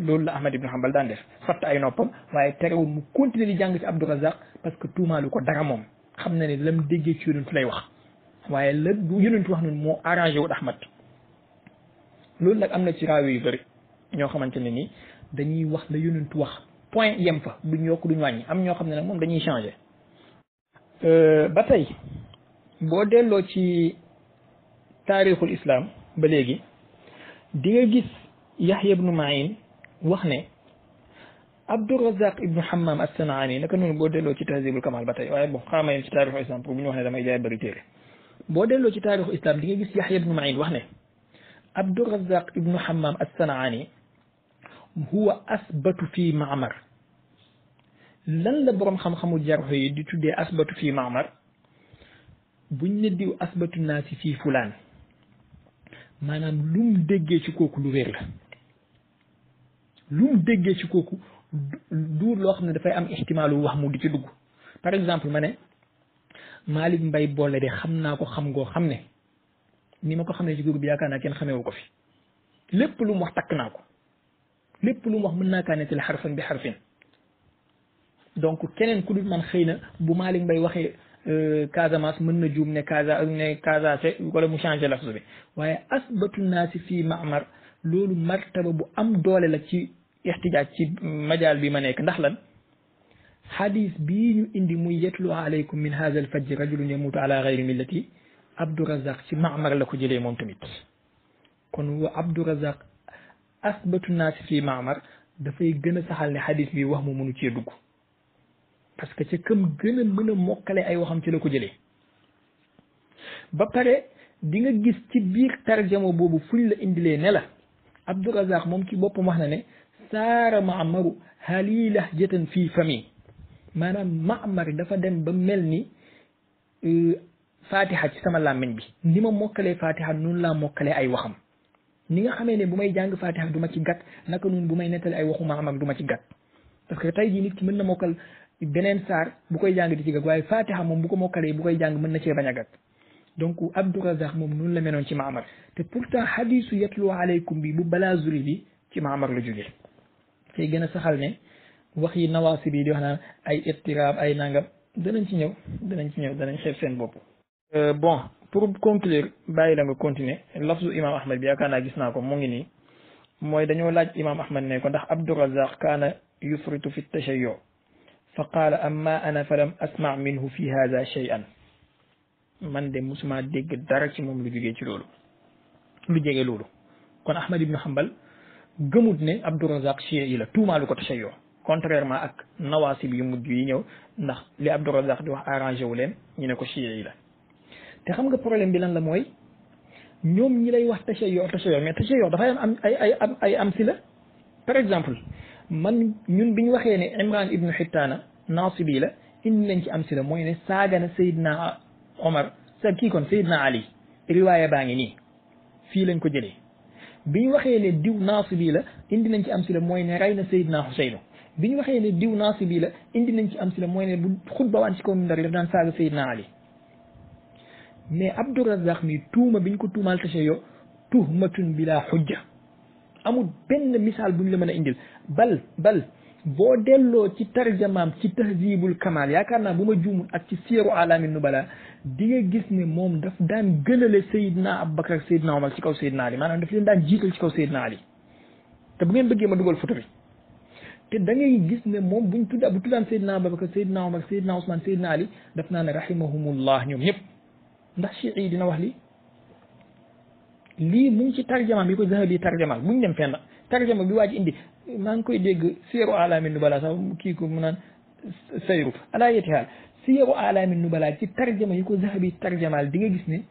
loolu la Ahmad ibn Hanbal daan def fatt ay noppam waaye terewul mu continuer di jàng ci Abdou Razak parce que tuumaalu ko dara moom xam na ne lam déggee ci yonentu lay wax waaye la bu yonentu wax noonu moo arrangé wut Ahmad loolu nag am na ci raawi yu bëri ñoo xamante ne ni dañuy wax la yonentu wax point yem fa duñ yokk duñ wàññi am ñoo xam ne nag moom dañuy changé euh, ba tey taarixul islam ba léegi di nga gis Yaxya ibnu Maïn wax ne Abdurazaq ibnu Hammam as-San'ani naka noonu boo delloo ci Tahzibul Kamal ba tey waaye bon xaaral ma yéen ci taarixu islam pour bu ñu wax boo delloo ci taarixu islam di nga gis Yaxya ibnu Maïn wax ne Abdurazaq ibnu Hammam as-San'ani huwa asbatu fi Ma'mar lan la boroom xam-xamu jarxo yi di tuddee asbatu fi Ma'mar buñ ne diw asbatu naasi fii fulaan maanaam lu mu déggee ci kooku lu wér la lu mu déggee ci kooku du loo xam ne dafay am ihtimaalu wax mu di ci dugg par exemple ma ne Malick Mbaye boole de xam naa ko xam ngoo xam ne ni ma ko xam ne ci groupe bi yaakaar naa kenn xameewu ko fi lépp lu mu wax takk naa ko lépp lu mu wax mën naa kaa nettali xarfan bi xarfin donc keneen ku dul man xëy na bu Malick Mbaye waxee Euh, Casamance mën na juum ne Casa ne Casase wala mu changé lafz bi waaye asbatu naasi fii Maamar loolu martaba bu am doole la ci ixtijaaj ci majaal bi ma nekk ndax lan xadis bii ñu indi muy yetlu alaykum min haza al fajji rajulun yamutu ala gayri millati Abdurazaq ci Maamar la ko jëlee moom tamit kon wa Abdurazaq asbatu naasi fii Maamar dafay gën a saxal ne xadis bi wax mu mënu cee dugg. parce que ca këm gën a mën a mokkale ay waxam ci la ko jëlee ba pare di nga gis ci biir tarjama boobu fuñ la indilee ne la Abdurazaq moom ci boppam wax na ne saara maamaru haalii lahjatan fii famille maanaam maamar dafa dem ba mel ni euh, fatiha ci sama làmmiñ bi ni ma mokkalee fatiha noonu laa mokkalee ay waxam ni nga xamee ne bu may jàng fatiha du ma ci gàtt naka noonu bu may nettali ay waxu maamar du ma ci gàtt parce que tey jii nit ki mën na mokkal beneen saar bu koy jàng di ci gag waaye fatiha moom bu ko mokkalee bu koy jàng mën na cee bañ a gag donc abdourazaq moom noonu la menoon ci maamar te pourtant hadisu yatlu alaykum bi bu balaazuri bi ci maamar la jógee tey gën a saxal ne wax yi nawaasi bi di wax naan ay ittiraab ay nangam danañ ci ñëw danañ ci danañ xeeb seen bopp euh, bon pour conclure bàyyi la nga continuer lafzu imam ahmad bi yaakaar naa gis naa ko mu ngi nii mooy dañoo laaj imam ahmad ne ko ndax abdourazaq kaana yufritu fi tashayyu fa qaala amma ana falam asma minhu fi hada shay'an man de musuma dégg dara ci moom lu jógee ci loolu lu jege loolu kon ahmad ibnu hanbal gëmut ne abdourazaq chia yi la tuumaalu ko tashayyo contrairement ak nawaasib yu mujj yi ñëw ndax li abdourazaq di wax arrangé wu leen ñu ne ko chia yi la te xam nga problème bi lan la mooy ñoom ñi lay wax tashayyo tashayyo mais tashayyo dafay am ay ay am ay am si la par exemple man ñun bi ñu waxee ne Imran ibnu Hittaana naasibi la indi nañ ci am si mooy ne saaga na Seydina Omar sa kii kon Seydina Ali riwaaya baa ngi nii fii lañ ko jëlee bi ñu waxee ne diw naasibi la indi nañ ci am si mooy ne rey na Seydina Xuseynu bi ñu waxee ne diw naasibi la indi nañ ci si la mooy ne bu xutba waan ci kaw ndar daf daan saaga Seydina Ali mais Abdourazaq mi tuuma bi ñu ko tuumaal tase yo tuhmatun bila hujja amul benn misaal bu ñu la mën a indil bal bal boo delloo ci tarjamaam ci tahzibul kamal yaakaar naa bu ma juumul ak ci siiru alamin nubala di nga gis ne moom daf daan gënale Seydina Abubakar ak Seydina Omar ci kaw Seydina Ali maanaam daf leen daan jiital ci kaw Seydina bu ngeen bëggee ma dugal photo bi te da gis ne moom buñ tudd bu tuddaan Seydina Abubakar Seydina Omar Seydina Ousmane Seydina Ali daf naa ne rahimahumullah ñoom ñëpp ndax chi dina wax li lii mu ci tarjama bi ko Zahabi tarjama bu ñu dem fenn waa ji maa ngi koy dégg siyaru alamin nubala sax ko mu naan sayru ala yeti haal ci tarjama yi ko Zahabi tarjamaal di nga gis ne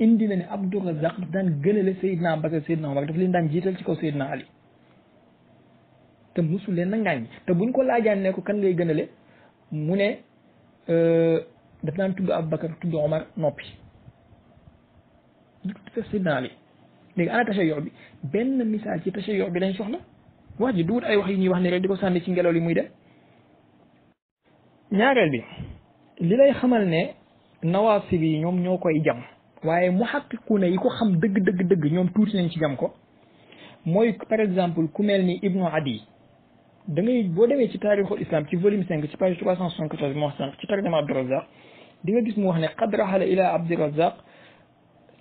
indi na ne Abdourazaq daf daan gënale Seydina Abubakar Seydina Omar daf leen daan jiital ci kaw Seydina Ali te musul leen na ngaañ te buñ ko laajaanee ko kan lay gënale mu ne euh, daf daan tudd Abubakar tudd tudd Ali léegi ana tashayyu bi benn misaal ci tashayyu bi lañ soxla wax ji duut ay wax yu ñuy wax ni rek di ko sànni ci ngelaw li muy dem ñaareel bi li lay xamal ne nawaasib yi ñoom ñoo koy jam waaye muhaqqiquuna yi ko xam dëgg dëgg dëgg ñoom tuuti nañ ci jam ko mooy par exemple ku mel ni Ibnu Adi da ngay boo demee ci taarixul islam ci volume 5 ci page 374 moo sànq ci tarjama Abdurazaq di nga gis mu wax ne qad rahala ila Abdurazaq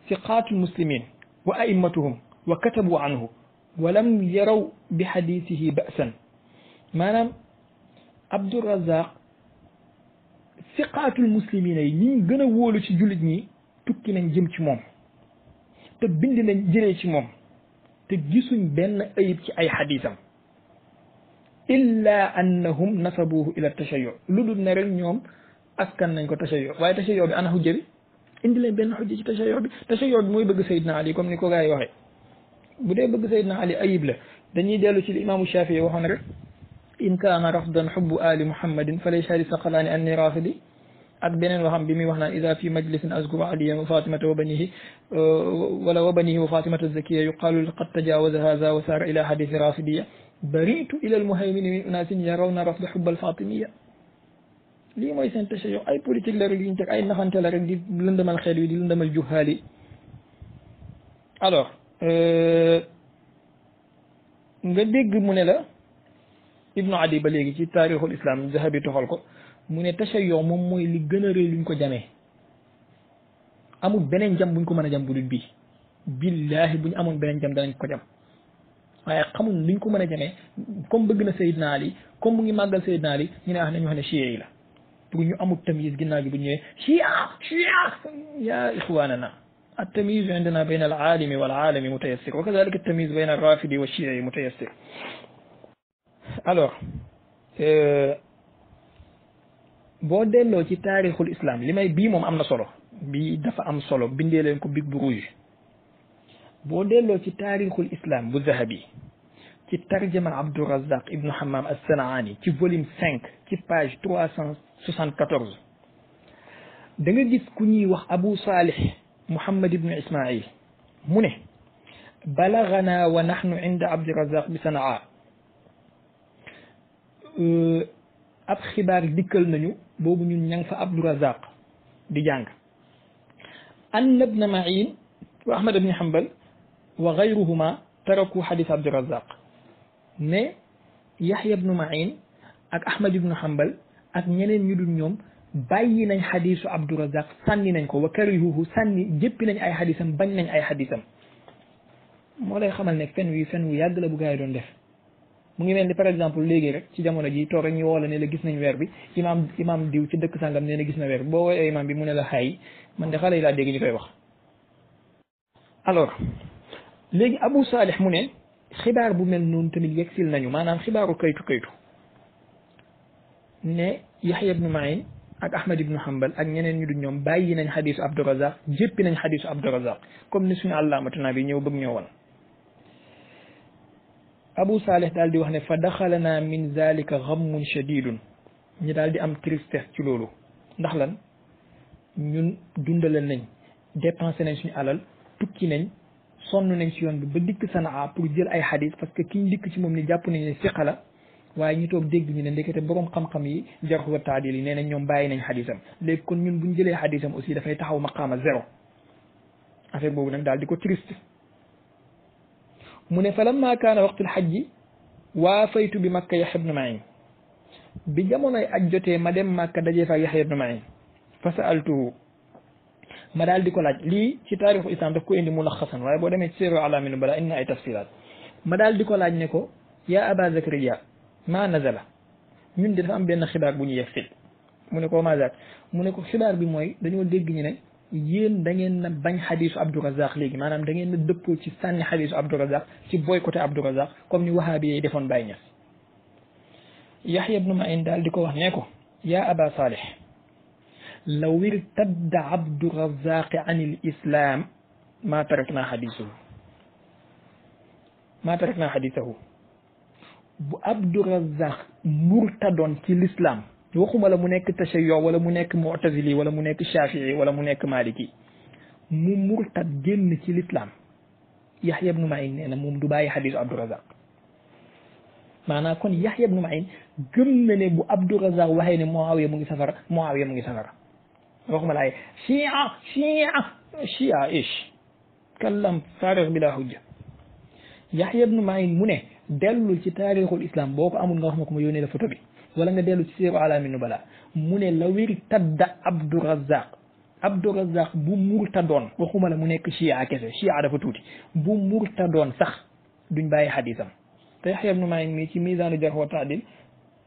siqaatul muslimin wa a'immatuhum wa katabu anhu wa lam yaraw bi xadiisihi ba'san maanaam Abdourazaq siqaatul muslimina yi ñi gën a wóolu ci jullit ñi tukki nañ jëm ci moom te bind nañ jëlee ci moom te gisuñ benn ayib ci ay xadiisam illa annahum nasabuhu ila tashayu lu dul ne rek ñoom askan nañ ko tashayu waaye tashayu bi ana hujja bi indi leen benn xujja ci tashayyu bi tashayyu bi mooy bëgg Seydina Ali comme ni ko gars yi waxee bu dee bëgg Seydina Ali ayib la dañuy dellu ci li imaamu Shafii waxoon rek in kaana rafdan xubbu ali muhammadin falay shari saqalaani anni rafidi ak beneen waxam bi muy wax naan ida fi majlisin azkuru aliyan wa fatimata wa banihi uh, wala wa banihi wa fatimata zakiya yuqaalu qad tajawaza haza wa saara ila hadithi rafidiya baritu ila almuhaymini min unasin yarawna rafda xubba alfatimiya lii mooy seen péché ay politique la rek yu ñu teg ay naxante la rek di lëndamal xel wi di lëndamal juhaal yi euh, nga dégg mu ne la ibnu adi ba léegi ci taarixul islam zahabi toxal ko mu ne tacha yow moom mooy li gën a rëy luñ ko jamee amul beneen jam buñ ko mën a jam bu dul bii billaahi bu ñu amoon beneen jam danañ ko jam waaye xamuñ luñ ko mën a jamee comme bëgg na Seydina Ali comme mu ngi màggal Seydina Ali ñu ne wax ah nañu wax ne chier yi la pour ñu amul tamise ginnaaw bi bu ñëwee chia chia ya ixwanana التمييز عندنا بين العالم والعالم متيسر وكذلك التمييز بين الرافدي والشيعي متيسر alors euh, boo delloo ci taarixul islam li may bii moom am na solo bii dafa am solo bindee leen ku big bu rouge boo delloo ci taarixul islam bu zahabi ci tarjama Abdourazaq ibnu Hammam as-San'ani ci volume cinq ci page trois cent soixante quatorze da nga gis ku ñuy wax Abu Salih Muhammad ibnu Ismail mu ne balagana wa nahnu inda Abdourazaq bi Sanaa ab xibaar dikkal nañu boobu ñun ña ngi fa Abdourazaq di jàng anna ibna Ma'in wa Ahmad ibni Hanbal wa gayruhuma taraku hadith Abdourazaq ne Yaxya ibnu Ma'in ak Ahmad ibnu Hanbal ak ñeneen ñu dul ñoom bàyyi nañ xadiisu Abdurazaq sànni nañ ko wa karihuhu sànni jéppi nañ ay xadiisam bañ nañ ay xadiisam moo lay xamal ne fen wi fen wu yàgg la bu gaa yi doon def mu ngi mel ni par exemple léegi rek ci jamono ji toog rek ñu woo la ne la gis nañ weer bi imaam imaam diw ci dëkk sàngam nee na gis na weer bi boo woowee imaam bi mu ne la xay man de xale yi laa dégg ñu koy wax alors léegi Abu mu ne xibaar bu mel noonu tamit yegsil nañu maanaam xibaaru kaytu kaytu ne Yaxya ibnu Maïn ak Ahmad ibnu Hanbal ak ñeneen ñu du ñoom bàyyi nañ xadisu Abdurazaq jéppi nañ xadisu Abdurazaq comme ni suñu àllaamatuna bi ñëw bëgg ñëw woon Abu Salih daal di wax ne fa daxalanaa min zalika xammun shadidun ñu daal di am tristesse ci loolu ndax lan ñun dundalal nañ dépensé nañ suñu alal tukki nañ sonn nañ si yoon bi ba dikk Sanaa pour jël ay xadis parce que kiñ dikk ci moom ni jàpp nañ ne siqa waaye ñu toog dégg ñu ne ndekete borom xam-xam yi jarh wa taadil yi ne nañ ñoom bàyyi nañ xadisam léegi kon ñun bu buñ jëlee xadisam aussi dafay taxaw maqaama zéro affaire boobu nag daal di ko triste mu ne fa lamma kaana waxtul xajji waa faytu bi makka yaxya ibnu main bi jamonoy aj jotee ma dem makka dajee fa yaxya ibnu main fa saaltuhu ma daal di ko laaj lii ci taarixu islam daf ko indi mulaxasan waaye boo demee ci seeru alaaminu bala indi na ay tafsiraat ma daal di ko laaj ne ko ya aba zakariya maa nazala ñun de dafa am benn xibaar bu ñu yegg si mu ne ko mazaat mu ne ko xibaar bi mooy dañoo dégg ñu ne yéen da ngeen na bañ xadiisu abdourazaq léegi maanaam da ngeen na dëppoo ci sànni xadiisu abdourazaq ci boycotté abdourazaq comme ni wahaabi yi defoon Baye Niass Yaxya ibnu Ma'in daal di ko wax ne ko ya aba salih law irtadda abdurazaqi an il islam ma tarakna xadisahu ma tarakna xadisahu bu abdurazaq murtadoon ci l'islam waxuma la mu nekk tashayyo wala mu nekk mu'tazili wala mu nekk shafii wala mu nekk maliki mu murtad génn ci l'islam yaxya ibnu mayin nee na moom du bàyyi xadisu abdurazaq kon yaxya ibnu mayin gëm na ne bu abdurazaq waxee ne muawiya mu ngi safara muawiya mu ngi safara waxuma laay chia chia chia ish kallam taarix bi laa hujja Yahya ibnu Ma'in mu ne dellu ci taarixul islam boo ko amul nga wax ma ko ma yónnee la photo bi wala nga dellu ci siiru alaami nubala mu ne la wér tadda Abdurazaq Abdurazaq bu murtadoon waxuma la mu nekk chia kese chia dafa tuuti bu murtadoon sax duñ bàyyi xadisam te Yahya ibnu Ma'in mii ci miisaanu jarh wa taadil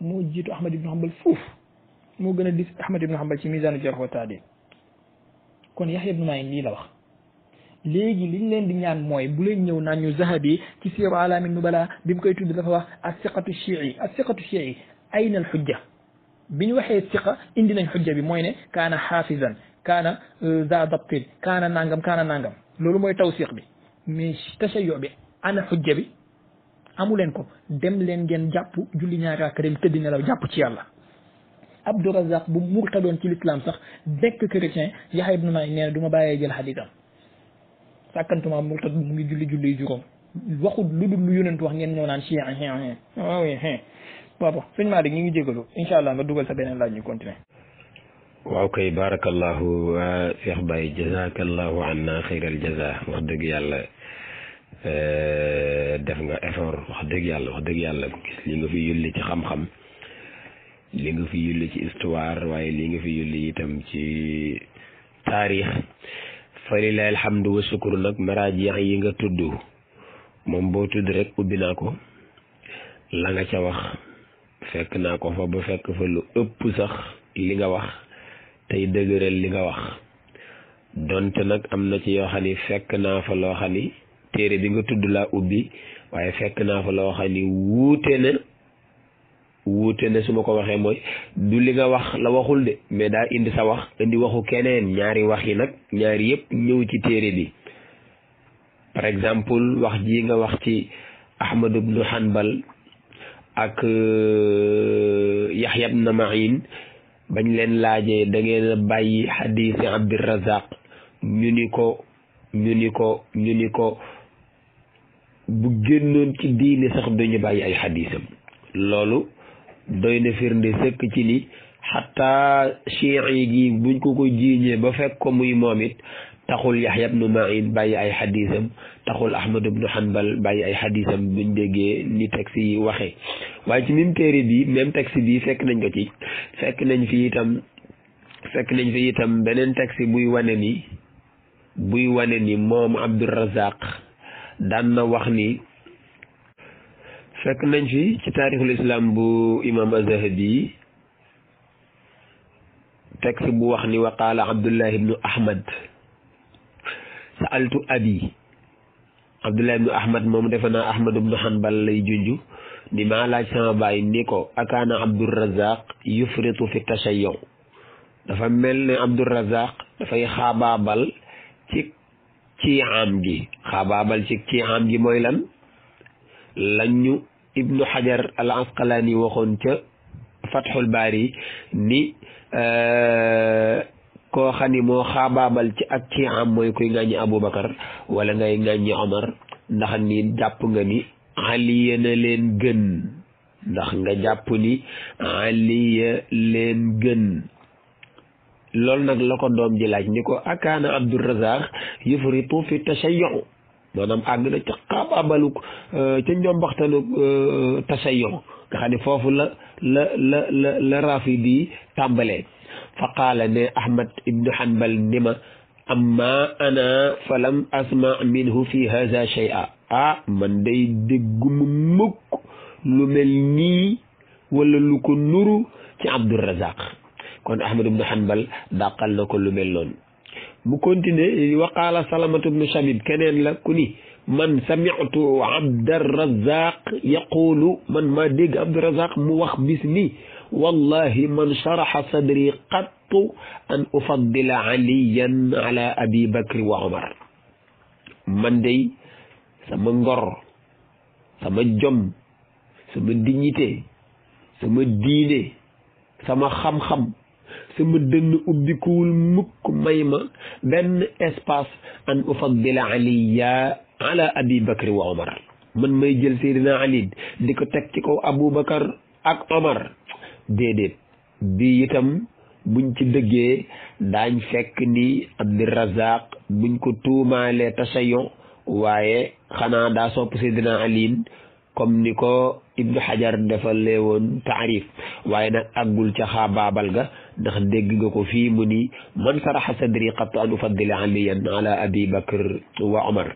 moo jiitu Ahmad ibnu Hanbal fuuf moo gën a dis Ahmad ibn Hanbal ci misaanu jarh wa taadil kon Yahya ibn Ma'in lii la wax léegi liñ leen di ñaan mooy bu leen ñëw naan ñu Zahabi ci siiru alaami nubala bi mu koy tudd dafa wax as-siqatu shii as-siqatu shii ayna al-hujja bi ñu waxee siqa indi nañ xujja bi mooy ne kaana xaafizan kaana euh, za dabtin kaana nangam kaana nangam loolu mooy tawsiq bi mais tashayyu bi ana xujja bi amu leen ko dem leen ngeen jàpp julli ñaari ak dem tëdd nelaw jàpp ci yàlla Abdourazaq bu murtadoon ci lislaam sax dekk chrétien Yaxya ibnu Maïn nee na du ma bàyyee jël xadisam sàkkantuma murtad bu mu ngi julli julli juróom waxul lu dul lu yonent wax ngeen ñëw naan chien chien waaw waaw sëñ Malick ñu ngi jégalu incha allah nga dugal sa beneen laaj ñu continuer waaw kay barakallahu Cheikh Baye jazakallahu anna xayral jaza wax dëgg yàlla eh, def nga effort wax dëgg yàlla wax dëgg yàlla gis nga fi yulli ci xam li nga fi yulli ci histoire waaye li nga fi yulli itam ci taarix falilahi alhamdu wa sukuru nag maraajeex yi nga tudd moom boo tudd rek ubbi naa ko la nga ca wax fekk naa ko fa ba fekk fa lu ëpp sax li nga wax tey dëgëral li nga wax donte nag am na ci yoo xam fekk naa fa loo xam ni téere bi nga tudd laa ubbi waaye fekk naa fa loo xam wuute na wuute na su ma ko waxee mooy du li nga wax la waxul de mais daa indi sa wax indi waxu keneen ñaari wax yi nag ñaari yëpp ñëw ci téere bi par exemple wax ji nga wax ci Ahmad ibnu Hanbal ak euh, Yaxya ibnu Ma'in bañ leen laajee da bàyyi a bàyyi xadiisi Abdurazaq ñu ni ko ñu ni ko ñu ni ko bu génnoon ci diine sax duñu bàyyi ay xadiisam loolu doy na firnde sëkk ci li xataa chiici gi buñ ko ko jiiñee ba fekk ko muy moom it taxul yaxya bnu maïn bàyyi ay xadiisam taxul ahmad bnu hanbal bàyyi ay xadiisam buñ déggee ni texte yi waxee waaye ci même téere bi même texte bi fekk nañ ko ci fekk nañ fi itam fekk nañ fi itam beneen texte buy wane ni buy wane ni moom abdurazaq daan na wax ni fekk nañ fi ci taarixul islam bu imam azahabi texte bu wax ni wa qaala abdullahi ibnu ahmad saaltu abi abdullahi ibnu ahmad moom defe naa ahmad ibnu hanbal lay junju ni maa laaj sama baay ni ko akaana abdurazaq yufritu fi tashayyu dafa mel ne abdurazaq dafay xaabaabal ci ci am gi xaabaabal ci ci am gi mooy lan lañu ibnu xajar al asqalaani waxoon ca fatxul baari ni eh, koo xam ni moo xaabaabal ci ak ci am mooy kuy ngàññi aboubacar wala ngay ngàññi omar ndax ni jàpp nga ni aliya na leen gën ndax nga jàpp ni aliya leen gën loolu nag la ko doom ji laaj ni ko akaana abdourazaq yufritu fi tashayyu maanaam àgg na ca xaabaabaluk euh, ca njombaxtanu euh, tasayo nga xam ne foofu la la la la la rafidi tàmbalee fa qaala ne ahmad ibnu hanbal ni ma amma ana falam asma minhu fi haza shay'a ah man day dégguma mukk lu mel nii wala lu ko nuru ci abdourazaq kon ahmad ibnu hanbal dàqal na ko lu mel noonu mu continuer waqaala salamatu bnu shabib keneen la ku ni man samitu abdarazaq yaqulu man maa dégg abdarazaq mu wax bis ni wallahi man sharaxa sadri qattu an ufaddila aliyan ala abi bakri wa omar man day sama ngor sama jom sama dignité sama diine sama xam-xam sama dënn ubbikuwul mukk may ma benn espace an ufaddila aliya ala wa omar man may jël seydina ali di ko teg ci kaw ak ak omar déedéet bi itam buñ ci dëggee daañ fekk ni abdurazaq buñ ko tuumaalee tasayon waaye xanaa daa sopp seydina ali comme ni ko ibnu xajar defalee woon taarif waaye nag àggul ca xaabaabal ga ndax dégg nga ko fii mu ni man saraxa sadri qattu an ufaddila aliyan ala abi bakr wa omar